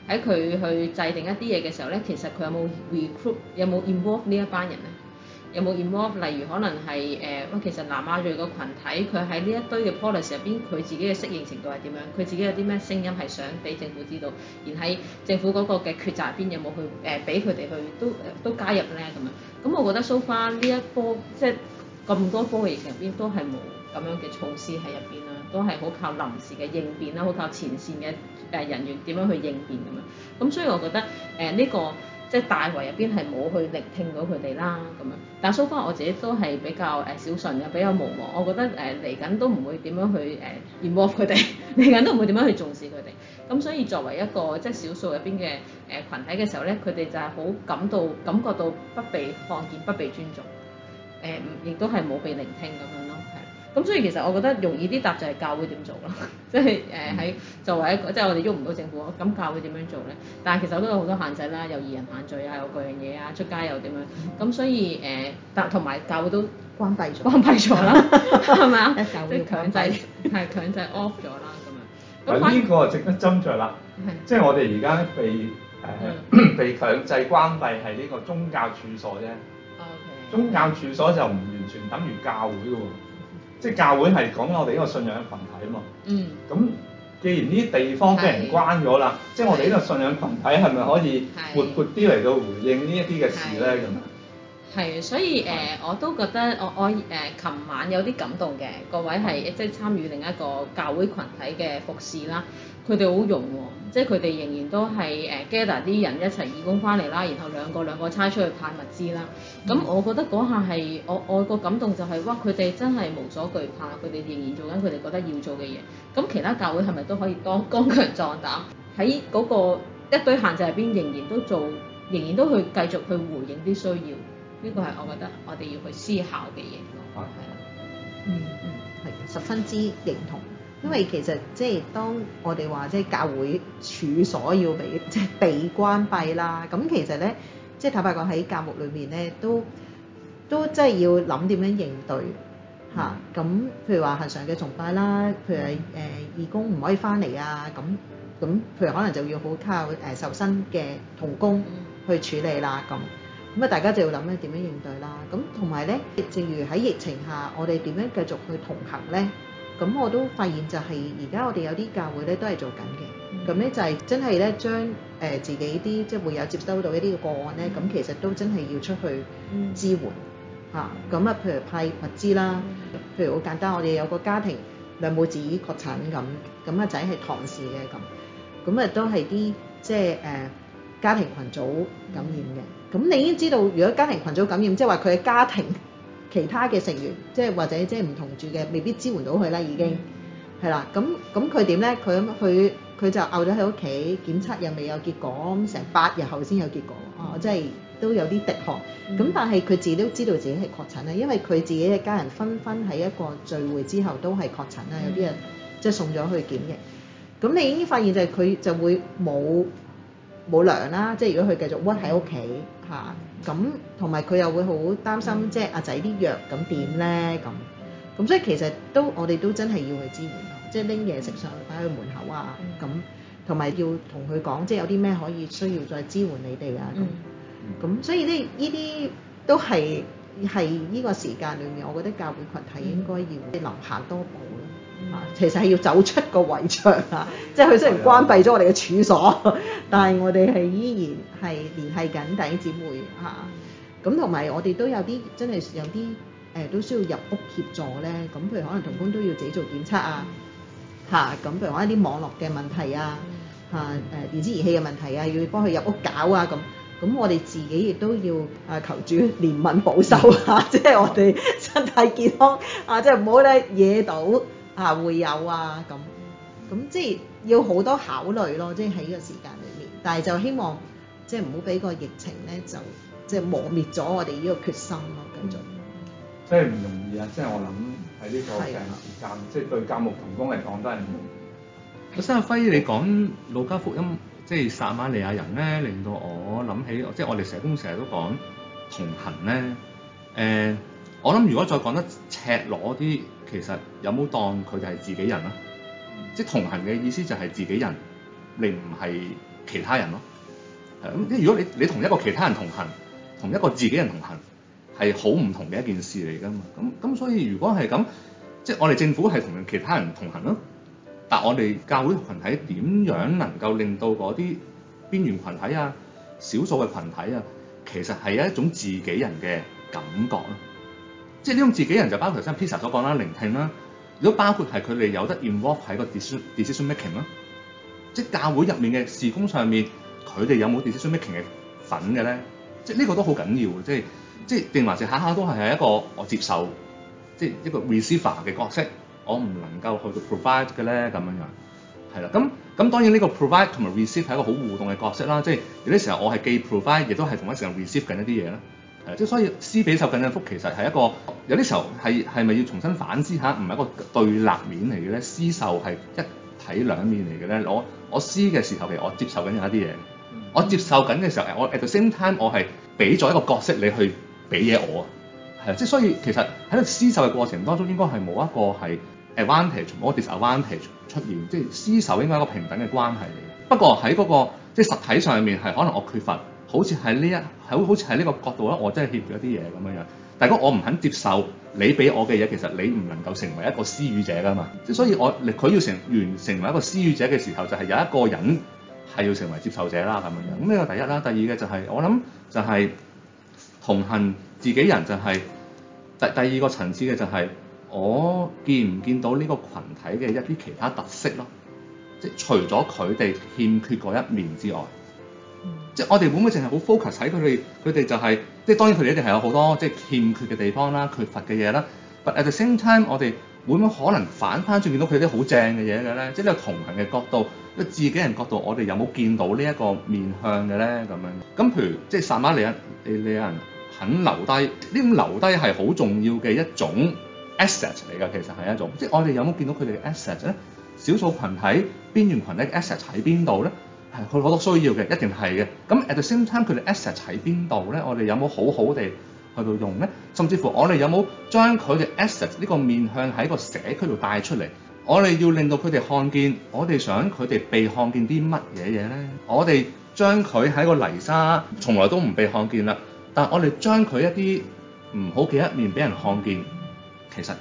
喺佢去制定一啲嘢嘅時候咧，其實佢有冇 recruit 有冇 rec involve 呢一班人咧？有冇 involve？例如可能係誒，哇、呃，其實南亞裔嘅群體佢喺呢一堆嘅 policy 入邊，佢自己嘅適應程度係點樣？佢自己有啲咩聲音係想俾政府知道？而喺政府嗰個嘅抉擇入邊有冇去誒俾佢哋去都都加入咧咁樣？咁我覺得 so far 呢一波即係咁多波疫情入邊都係冇咁樣嘅措施喺入邊啦。都係好靠臨時嘅應變啦，好靠前線嘅誒人員點樣去應變咁樣。咁所以我覺得誒呢、呃，這個即係大圍入邊係冇去聆聽到佢哋啦咁樣。但係 so far，我自己都係比較誒小信又比較無望。我覺得誒嚟緊都唔會點樣去 involve 佢哋，嚟、呃、緊都唔會點樣去重視佢哋。咁所以作為一個即係少數入邊嘅誒羣體嘅時候咧，佢哋就係好感到感覺到不被看見、不被尊重，誒、呃、亦都係冇被聆聽咁咁所以其實我覺得容易啲答就係教會點做啦，即係誒喺作為一個即係、就是、我哋喐唔到政府，咁教會點樣做咧？但係其實都有好多限制啦，有二人限聚啊，有個樣嘢啊，出街又點樣？咁、嗯、所以誒，同、呃、埋教會都關閉咗，關閉咗啦，係咪啊？ 吧教會強制係 強制 off 咗啦咁啊。啊， 呢
個值得斟酌啦。係的， 即係我哋而家被誒、呃、被強制關閉係呢個宗教處所啫。O K。宗教處所就唔完全等於教會嘅喎。即係教會係講緊我哋呢個信仰群體啊嘛，咁既然呢啲地方俾人關咗啦，即係我哋呢個信仰群體係咪可以活潑啲嚟到回應呢一啲嘅事咧咁啊？
係，所以誒、嗯呃，我都覺得我我誒琴、呃、晚有啲感動嘅，各位係、嗯、即係參與另一個教會群體嘅服侍啦。佢哋好勇喎、啊，即係佢哋仍然都係誒 gather 啲人一齊義工翻嚟啦，然後兩個兩個差出去派物資啦。咁、嗯、我覺得嗰下係我我個感動就係、是、哇，佢哋真係無所懼怕，佢哋仍然做緊佢哋覺得要做嘅嘢。咁其他教會係咪都可以剛剛強壯膽喺嗰個一堆限制入邊，仍然都做，仍然都去繼續去回應啲需要？呢個係我覺得我哋要去思考嘅嘢。係啦、嗯，嗯嗯，係十
分之認同。因為其實即係當我哋話即係教會處所要被即係、就是、被關閉啦，咁其實咧即係坦白講喺教牧裏面咧都都即係要諗點樣應對吓，咁、啊、譬如話恒常嘅崇拜啦，譬如誒、呃、義工唔可以翻嚟啊，咁咁譬如可能就要好靠誒受、呃、薪嘅同工去處理啦，咁咁啊大家就要諗一點樣應對啦，咁同埋咧正如喺疫情下，我哋點樣繼續去同行咧？咁我都發現就係而家我哋有啲教會咧都係做緊嘅，咁咧、嗯、就係真係咧將誒自己啲即係會有接收到一啲個案咧，咁、嗯、其實都真係要出去支援嚇。咁、嗯、啊，譬如派物資啦，嗯、譬如好簡單，我哋有個家庭兩母子確診咁，咁啊，仔係唐氏嘅咁，咁啊都係啲即係誒、呃、家庭群組感染嘅。咁、嗯、你已經知道，如果家庭群組感染，即係話佢嘅家庭。其他嘅成員，即係或者即係唔同住嘅，未必支援到佢啦，已經係啦。咁咁佢點咧？佢佢佢就熬咗喺屋企，檢測又未有結果，咁成八日後先有結果。嗯、哦，即真係都有啲滴汗。咁、嗯、但係佢自己都知道自己係確診啦，因為佢自己一家人紛紛喺一個聚會之後都係確診啦，有啲人即係送咗去檢疫。咁、嗯、你已經發現就係佢就會冇冇糧啦，即係如果佢繼續屈喺屋企嚇。嗯咁同埋佢又會好擔心，即係阿仔啲藥咁點咧？咁，咁所以其實都我哋都真係要去支援，即係拎嘢食上去擺去門口啊，咁，同埋要同佢講，即係有啲咩可以需要再支援你哋啊咁，咁、嗯、所以呢呢啲都係係呢個時間裏面，我覺得教會群體應該要即係留下多步咯。嗯嗯其實係要走出個圍牆嚇，即係佢雖然關閉咗我哋嘅處所，的但係我哋係依然係聯繫緊弟兄姊妹嚇。咁同埋我哋都有啲真係有啲誒、呃、都需要入屋協助咧。咁譬如可能同工都要自己做檢測啊，嚇咁譬如話一啲網絡嘅問題啊，嚇誒電子儀器嘅問題啊，要幫佢入屋搞啊咁。咁我哋自己亦都要啊求主憐憫保守、嗯、啊，即係我哋身體健康啊，即係唔好咧惹到。啊，會有啊咁，咁即係要好多考慮咯，即係喺呢個時間裏面。但係就希望即係唔好俾個疫情咧，就即係磨滅咗我哋呢個決心咯，繼續。即係唔
容易啊！即係我諗喺呢個時間，是啊、即係對教牧同工嚟講都係唔容易。阿曾亞輝，你講《路加福音》即係撒瑪利亞人咧，令到我諗起，即係我哋成日工成日都講同行咧。誒、呃，我諗如果再講得赤裸啲。其實有冇當佢哋係自己人啦？即係同行嘅意思就係自己人，你唔係其他人咯。係咁，因為如果你你同一個其他人同行，同一個自己人同行，係好唔同嘅一件事嚟㗎嘛。咁咁所以如果係咁，即係我哋政府係同其他人同行咯，但我哋教會群體點樣能夠令到嗰啲邊緣群體啊、少數嘅群體啊，其實係有一種自己人嘅感覺咯。即係呢種自己人就包括頭先 Pizza 所講啦，聆聽啦，如果包括係佢哋有得 involve 喺個 decision decision making 啦，即係教會入面嘅事工上面，佢哋有冇 decision making 嘅份嘅咧？即係呢個都好緊要，即係即係定還是下下都係係一個我接受，即係一個 receiver 嘅角色，我唔能夠去到 provide 嘅咧，咁樣樣，係啦，咁咁當然呢個 provide 同埋 receive 係一個好互動嘅角色啦，即係有啲時候我係既 provide 亦都係同一時候 receive 緊一啲嘢啦。誒，即係、嗯、所以，施比受更嘅福，其實係一個有啲時候係係咪要重新反思下？唔係一個對立面嚟嘅咧，施受係一體兩面嚟嘅咧。我我施嘅時候，其實我接受緊有一啲嘢，我接受緊嘅時候，誒，我 at the same time 我係俾咗一個角色你去俾嘢我，係啊，即係所以其實喺個施受嘅過程當中，應該係冇一個係 advantage，冇 disadvantage 出現，即係施受應該係一個平等嘅關係嚟。不過喺嗰、那個即係實體上面係可能我缺乏。好似喺呢一，好好似係呢個角度咧，我真係欠缺啲嘢咁樣樣。但果我唔肯接受你俾我嘅嘢，其實你唔能夠成為一個施予者噶嘛。即所以我，我佢要成完成為一個施予者嘅時候，就係、是、有一個人係要成為接受者啦咁樣。咁呢個第一啦，第二嘅就係、是、我諗就係同行自己人就係、是、第第二個層次嘅就係、是、我見唔見到呢個群體嘅一啲其他特色咯？即、就是、除咗佢哋欠缺嗰一面之外。即係我哋會唔會淨係好 focus 喺佢哋？佢哋就係、是、即係當然佢哋一定係有好多即係欠缺嘅地方啦、缺乏嘅嘢啦。But at the same time，我哋會唔會可能反翻轉見到佢啲好正嘅嘢嘅咧？即係從同行嘅角度、自己人角度，我哋有冇見到呢一個面向嘅咧？咁樣咁譬如即係撒瑪利亞，你你有人肯留低呢？咁留低係好重要嘅一種 asset 嚟㗎，其實係一種。即係我哋有冇見到佢哋嘅 asset 咧？少數群體、邊緣群體嘅 asset 喺邊度咧？係佢好多需要嘅，一定係嘅。咁 at the same time，佢哋 asset 喺邊度咧？我哋有冇好好地去到用咧？甚至乎我哋有冇將佢哋 assets 呢個面向喺個社區度帶出嚟？我哋要令到佢哋看見，我哋想佢哋被看見啲乜嘢嘢咧？我哋將佢喺個泥沙從來都唔被看見啦，但係我哋將佢一啲唔好嘅一面俾人看見。其實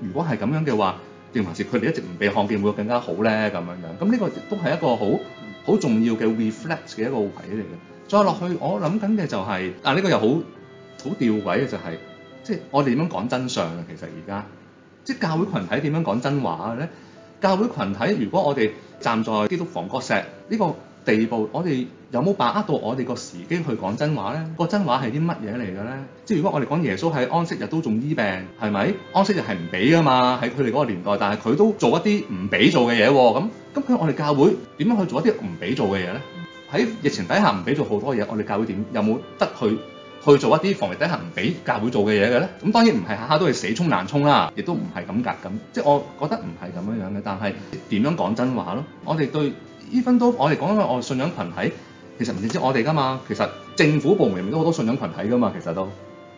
如果係咁樣嘅話，定還是佢哋一直唔被看見會更加好咧？咁樣樣咁呢個都係一個好，好重要嘅 reflex 嘅一個位嚟嘅，再落去我諗緊嘅就係、是、啊呢，這個又好好吊詭嘅就係、是、即係我哋點樣講真相啊？其實而家即係教會群體點樣講真話咧？教會群體如果我哋站在基督房角石呢、這個。地步，我哋有冇把握到我哋個時機去講真話呢？個真話係啲乜嘢嚟嘅呢？即係如果我哋講耶穌喺安息日都仲醫病，係咪？安息日係唔俾噶嘛？喺佢哋嗰個年代，但係佢都做一啲唔俾做嘅嘢、啊。咁咁，佢我哋教會點樣去做一啲唔俾做嘅嘢呢？喺疫情底下唔俾做好多嘢，我哋教會點有冇得去去做一啲防疫底下唔俾教會做嘅嘢嘅呢？咁當然唔係下下都係死衝難衝啦、啊，亦都唔係咁噶咁。即係我覺得唔係咁樣樣嘅，但係點樣講真話咯？我哋對。呢分都我哋講緊，我信仰群體其實唔止我哋噶嘛。其實政府部門入面都好多信仰群體噶嘛。其實都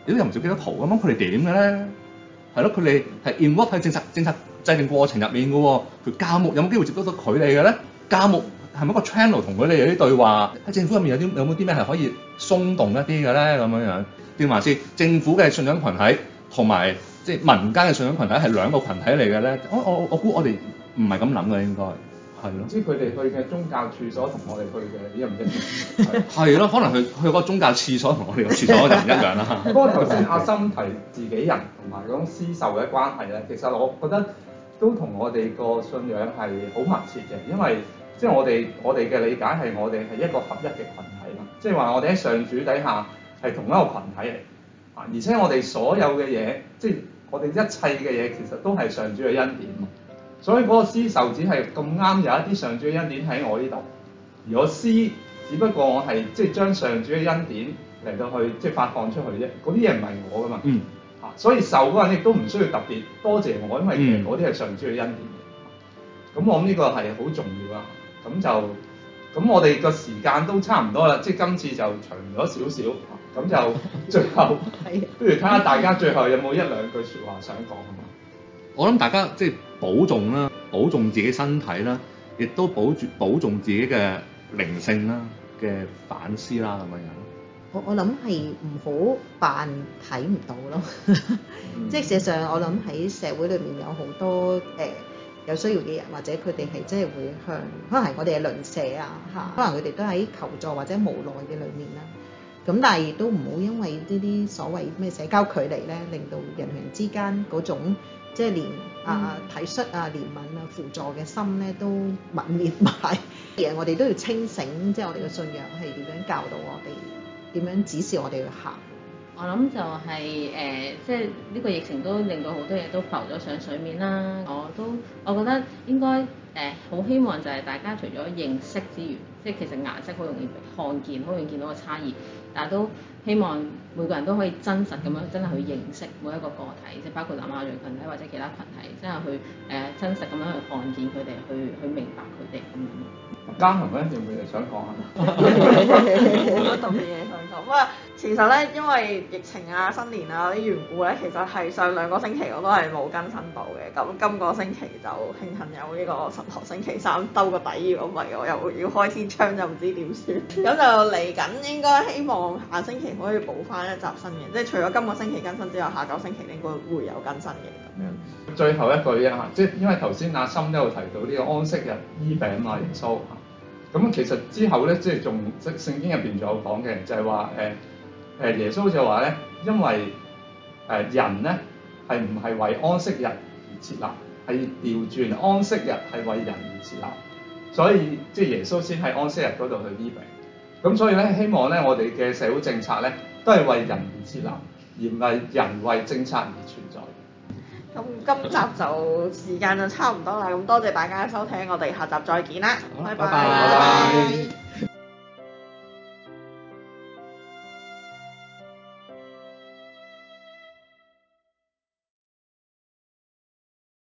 你都又唔少幾多徒咁樣，佢哋點嘅咧？係咯，佢哋係 involve 喺政策政策制定過程入面嘅喎、哦。佢教牧有冇機會接觸到佢哋嘅咧？教牧係咪一個 channel 同佢哋有啲對話？喺政府入面有啲有冇啲咩係可以鬆動一啲嘅咧？咁樣樣定話是政府嘅信仰群體同埋即係民間嘅信仰群體係兩個群體嚟嘅咧。我我我估我哋唔係咁諗嘅應該。係咯，唔知佢哋去嘅宗教廁所同我哋去嘅一唔一樣？係咯， 可能佢佢個宗教廁所同我哋個廁所就唔一樣啦。不過頭先阿森提自己人同埋嗰種施受嘅關係咧，其實我覺得都同我哋個信仰係好密切嘅，因為即係、就是、我哋我哋嘅理解係我哋係一個合一嘅群體啦，即係話我哋喺上主底下係同一個群體嚟啊，而且我哋所有嘅嘢，即、就、係、是、我哋一切嘅嘢，其實都係上主嘅恩典。所以嗰個施受只係咁啱有一啲上主嘅恩典喺我呢度，而我施，只不過我係即係將上主嘅恩典嚟到去即係、就是、發放出去啫。嗰啲嘢唔係我噶嘛，嚇、嗯，所以受嗰個亦都唔需要特別多謝我，因為其實嗰啲係上主嘅恩典。咁、嗯、我諗呢個係好重要啊。咁就咁我哋個時間都差唔多啦，即、就、係、是、今次就長咗少少。咁就最後不如睇下大家最後有冇一兩句説話想講。我諗大家即係保重啦，保重自己身體啦，亦都保住保重自己嘅靈性啦，嘅反思啦咁嘅樣。
我我諗係唔好扮睇唔到咯，即係事實上我諗喺社會裏面有好多誒有需要嘅人，或者佢哋係真係會向，可能係我哋嘅鄰舍啊嚇，可能佢哋都喺求助或者無奈嘅裏面啦。咁但係亦都唔好因為呢啲所謂咩社交距離咧，令到人與人之間嗰種。即係憐啊、體恤啊、憐憫啊、輔助嘅心咧，都泯滅埋嘢。我哋都要清醒，即係我哋嘅信仰係點樣教導我哋，點樣指示我哋去行。
我諗就係、是、誒、呃，即係呢個疫情都令到好多嘢都浮咗上水面啦。我都我覺得應該。誒好、呃、希望就係大家除咗認識之餘，即係其實顏色好容易看見，好容易見到個差異，但係都希望每個人都可以真實咁樣，真係去認識每一個個體，嗯、即係包括南亞裔群體或者其他群體，真係去誒、呃、真實咁樣去看見佢哋，去去明白佢哋。嘉恒咧，有冇想講啊？好多特
別嘢想講？其實咧，因為疫情啊、新年啊啲緣故咧，其實係上兩個星期我都係冇更新到嘅。咁今個星期就慶幸有呢個神學星期三兜個底，咁，咪我又要開天窗就唔知點算。咁就嚟緊應該希望下星期可以補翻一集新嘅，即係除咗今個星期更新之後，下個星期應該會有更新嘅咁樣。
最後一句啊，即係因為頭先阿森都有提到呢個安息日醫病啊，耶穌啊，咁其實之後咧，即係仲即係聖經入邊仲有講嘅人，就係話誒。誒耶穌就話咧，因為誒人咧係唔係為安息日而設立，係調轉安息日係為人而設立，所以即係耶穌先喺安息日嗰度去醫病。咁所以咧，希望咧我哋嘅社會政策咧都係為人而設立，而唔係人為政策而存在。
咁今集就時間就差唔多啦，咁多謝大家收聽我，我哋下集再見啦，拜拜。拜
拜。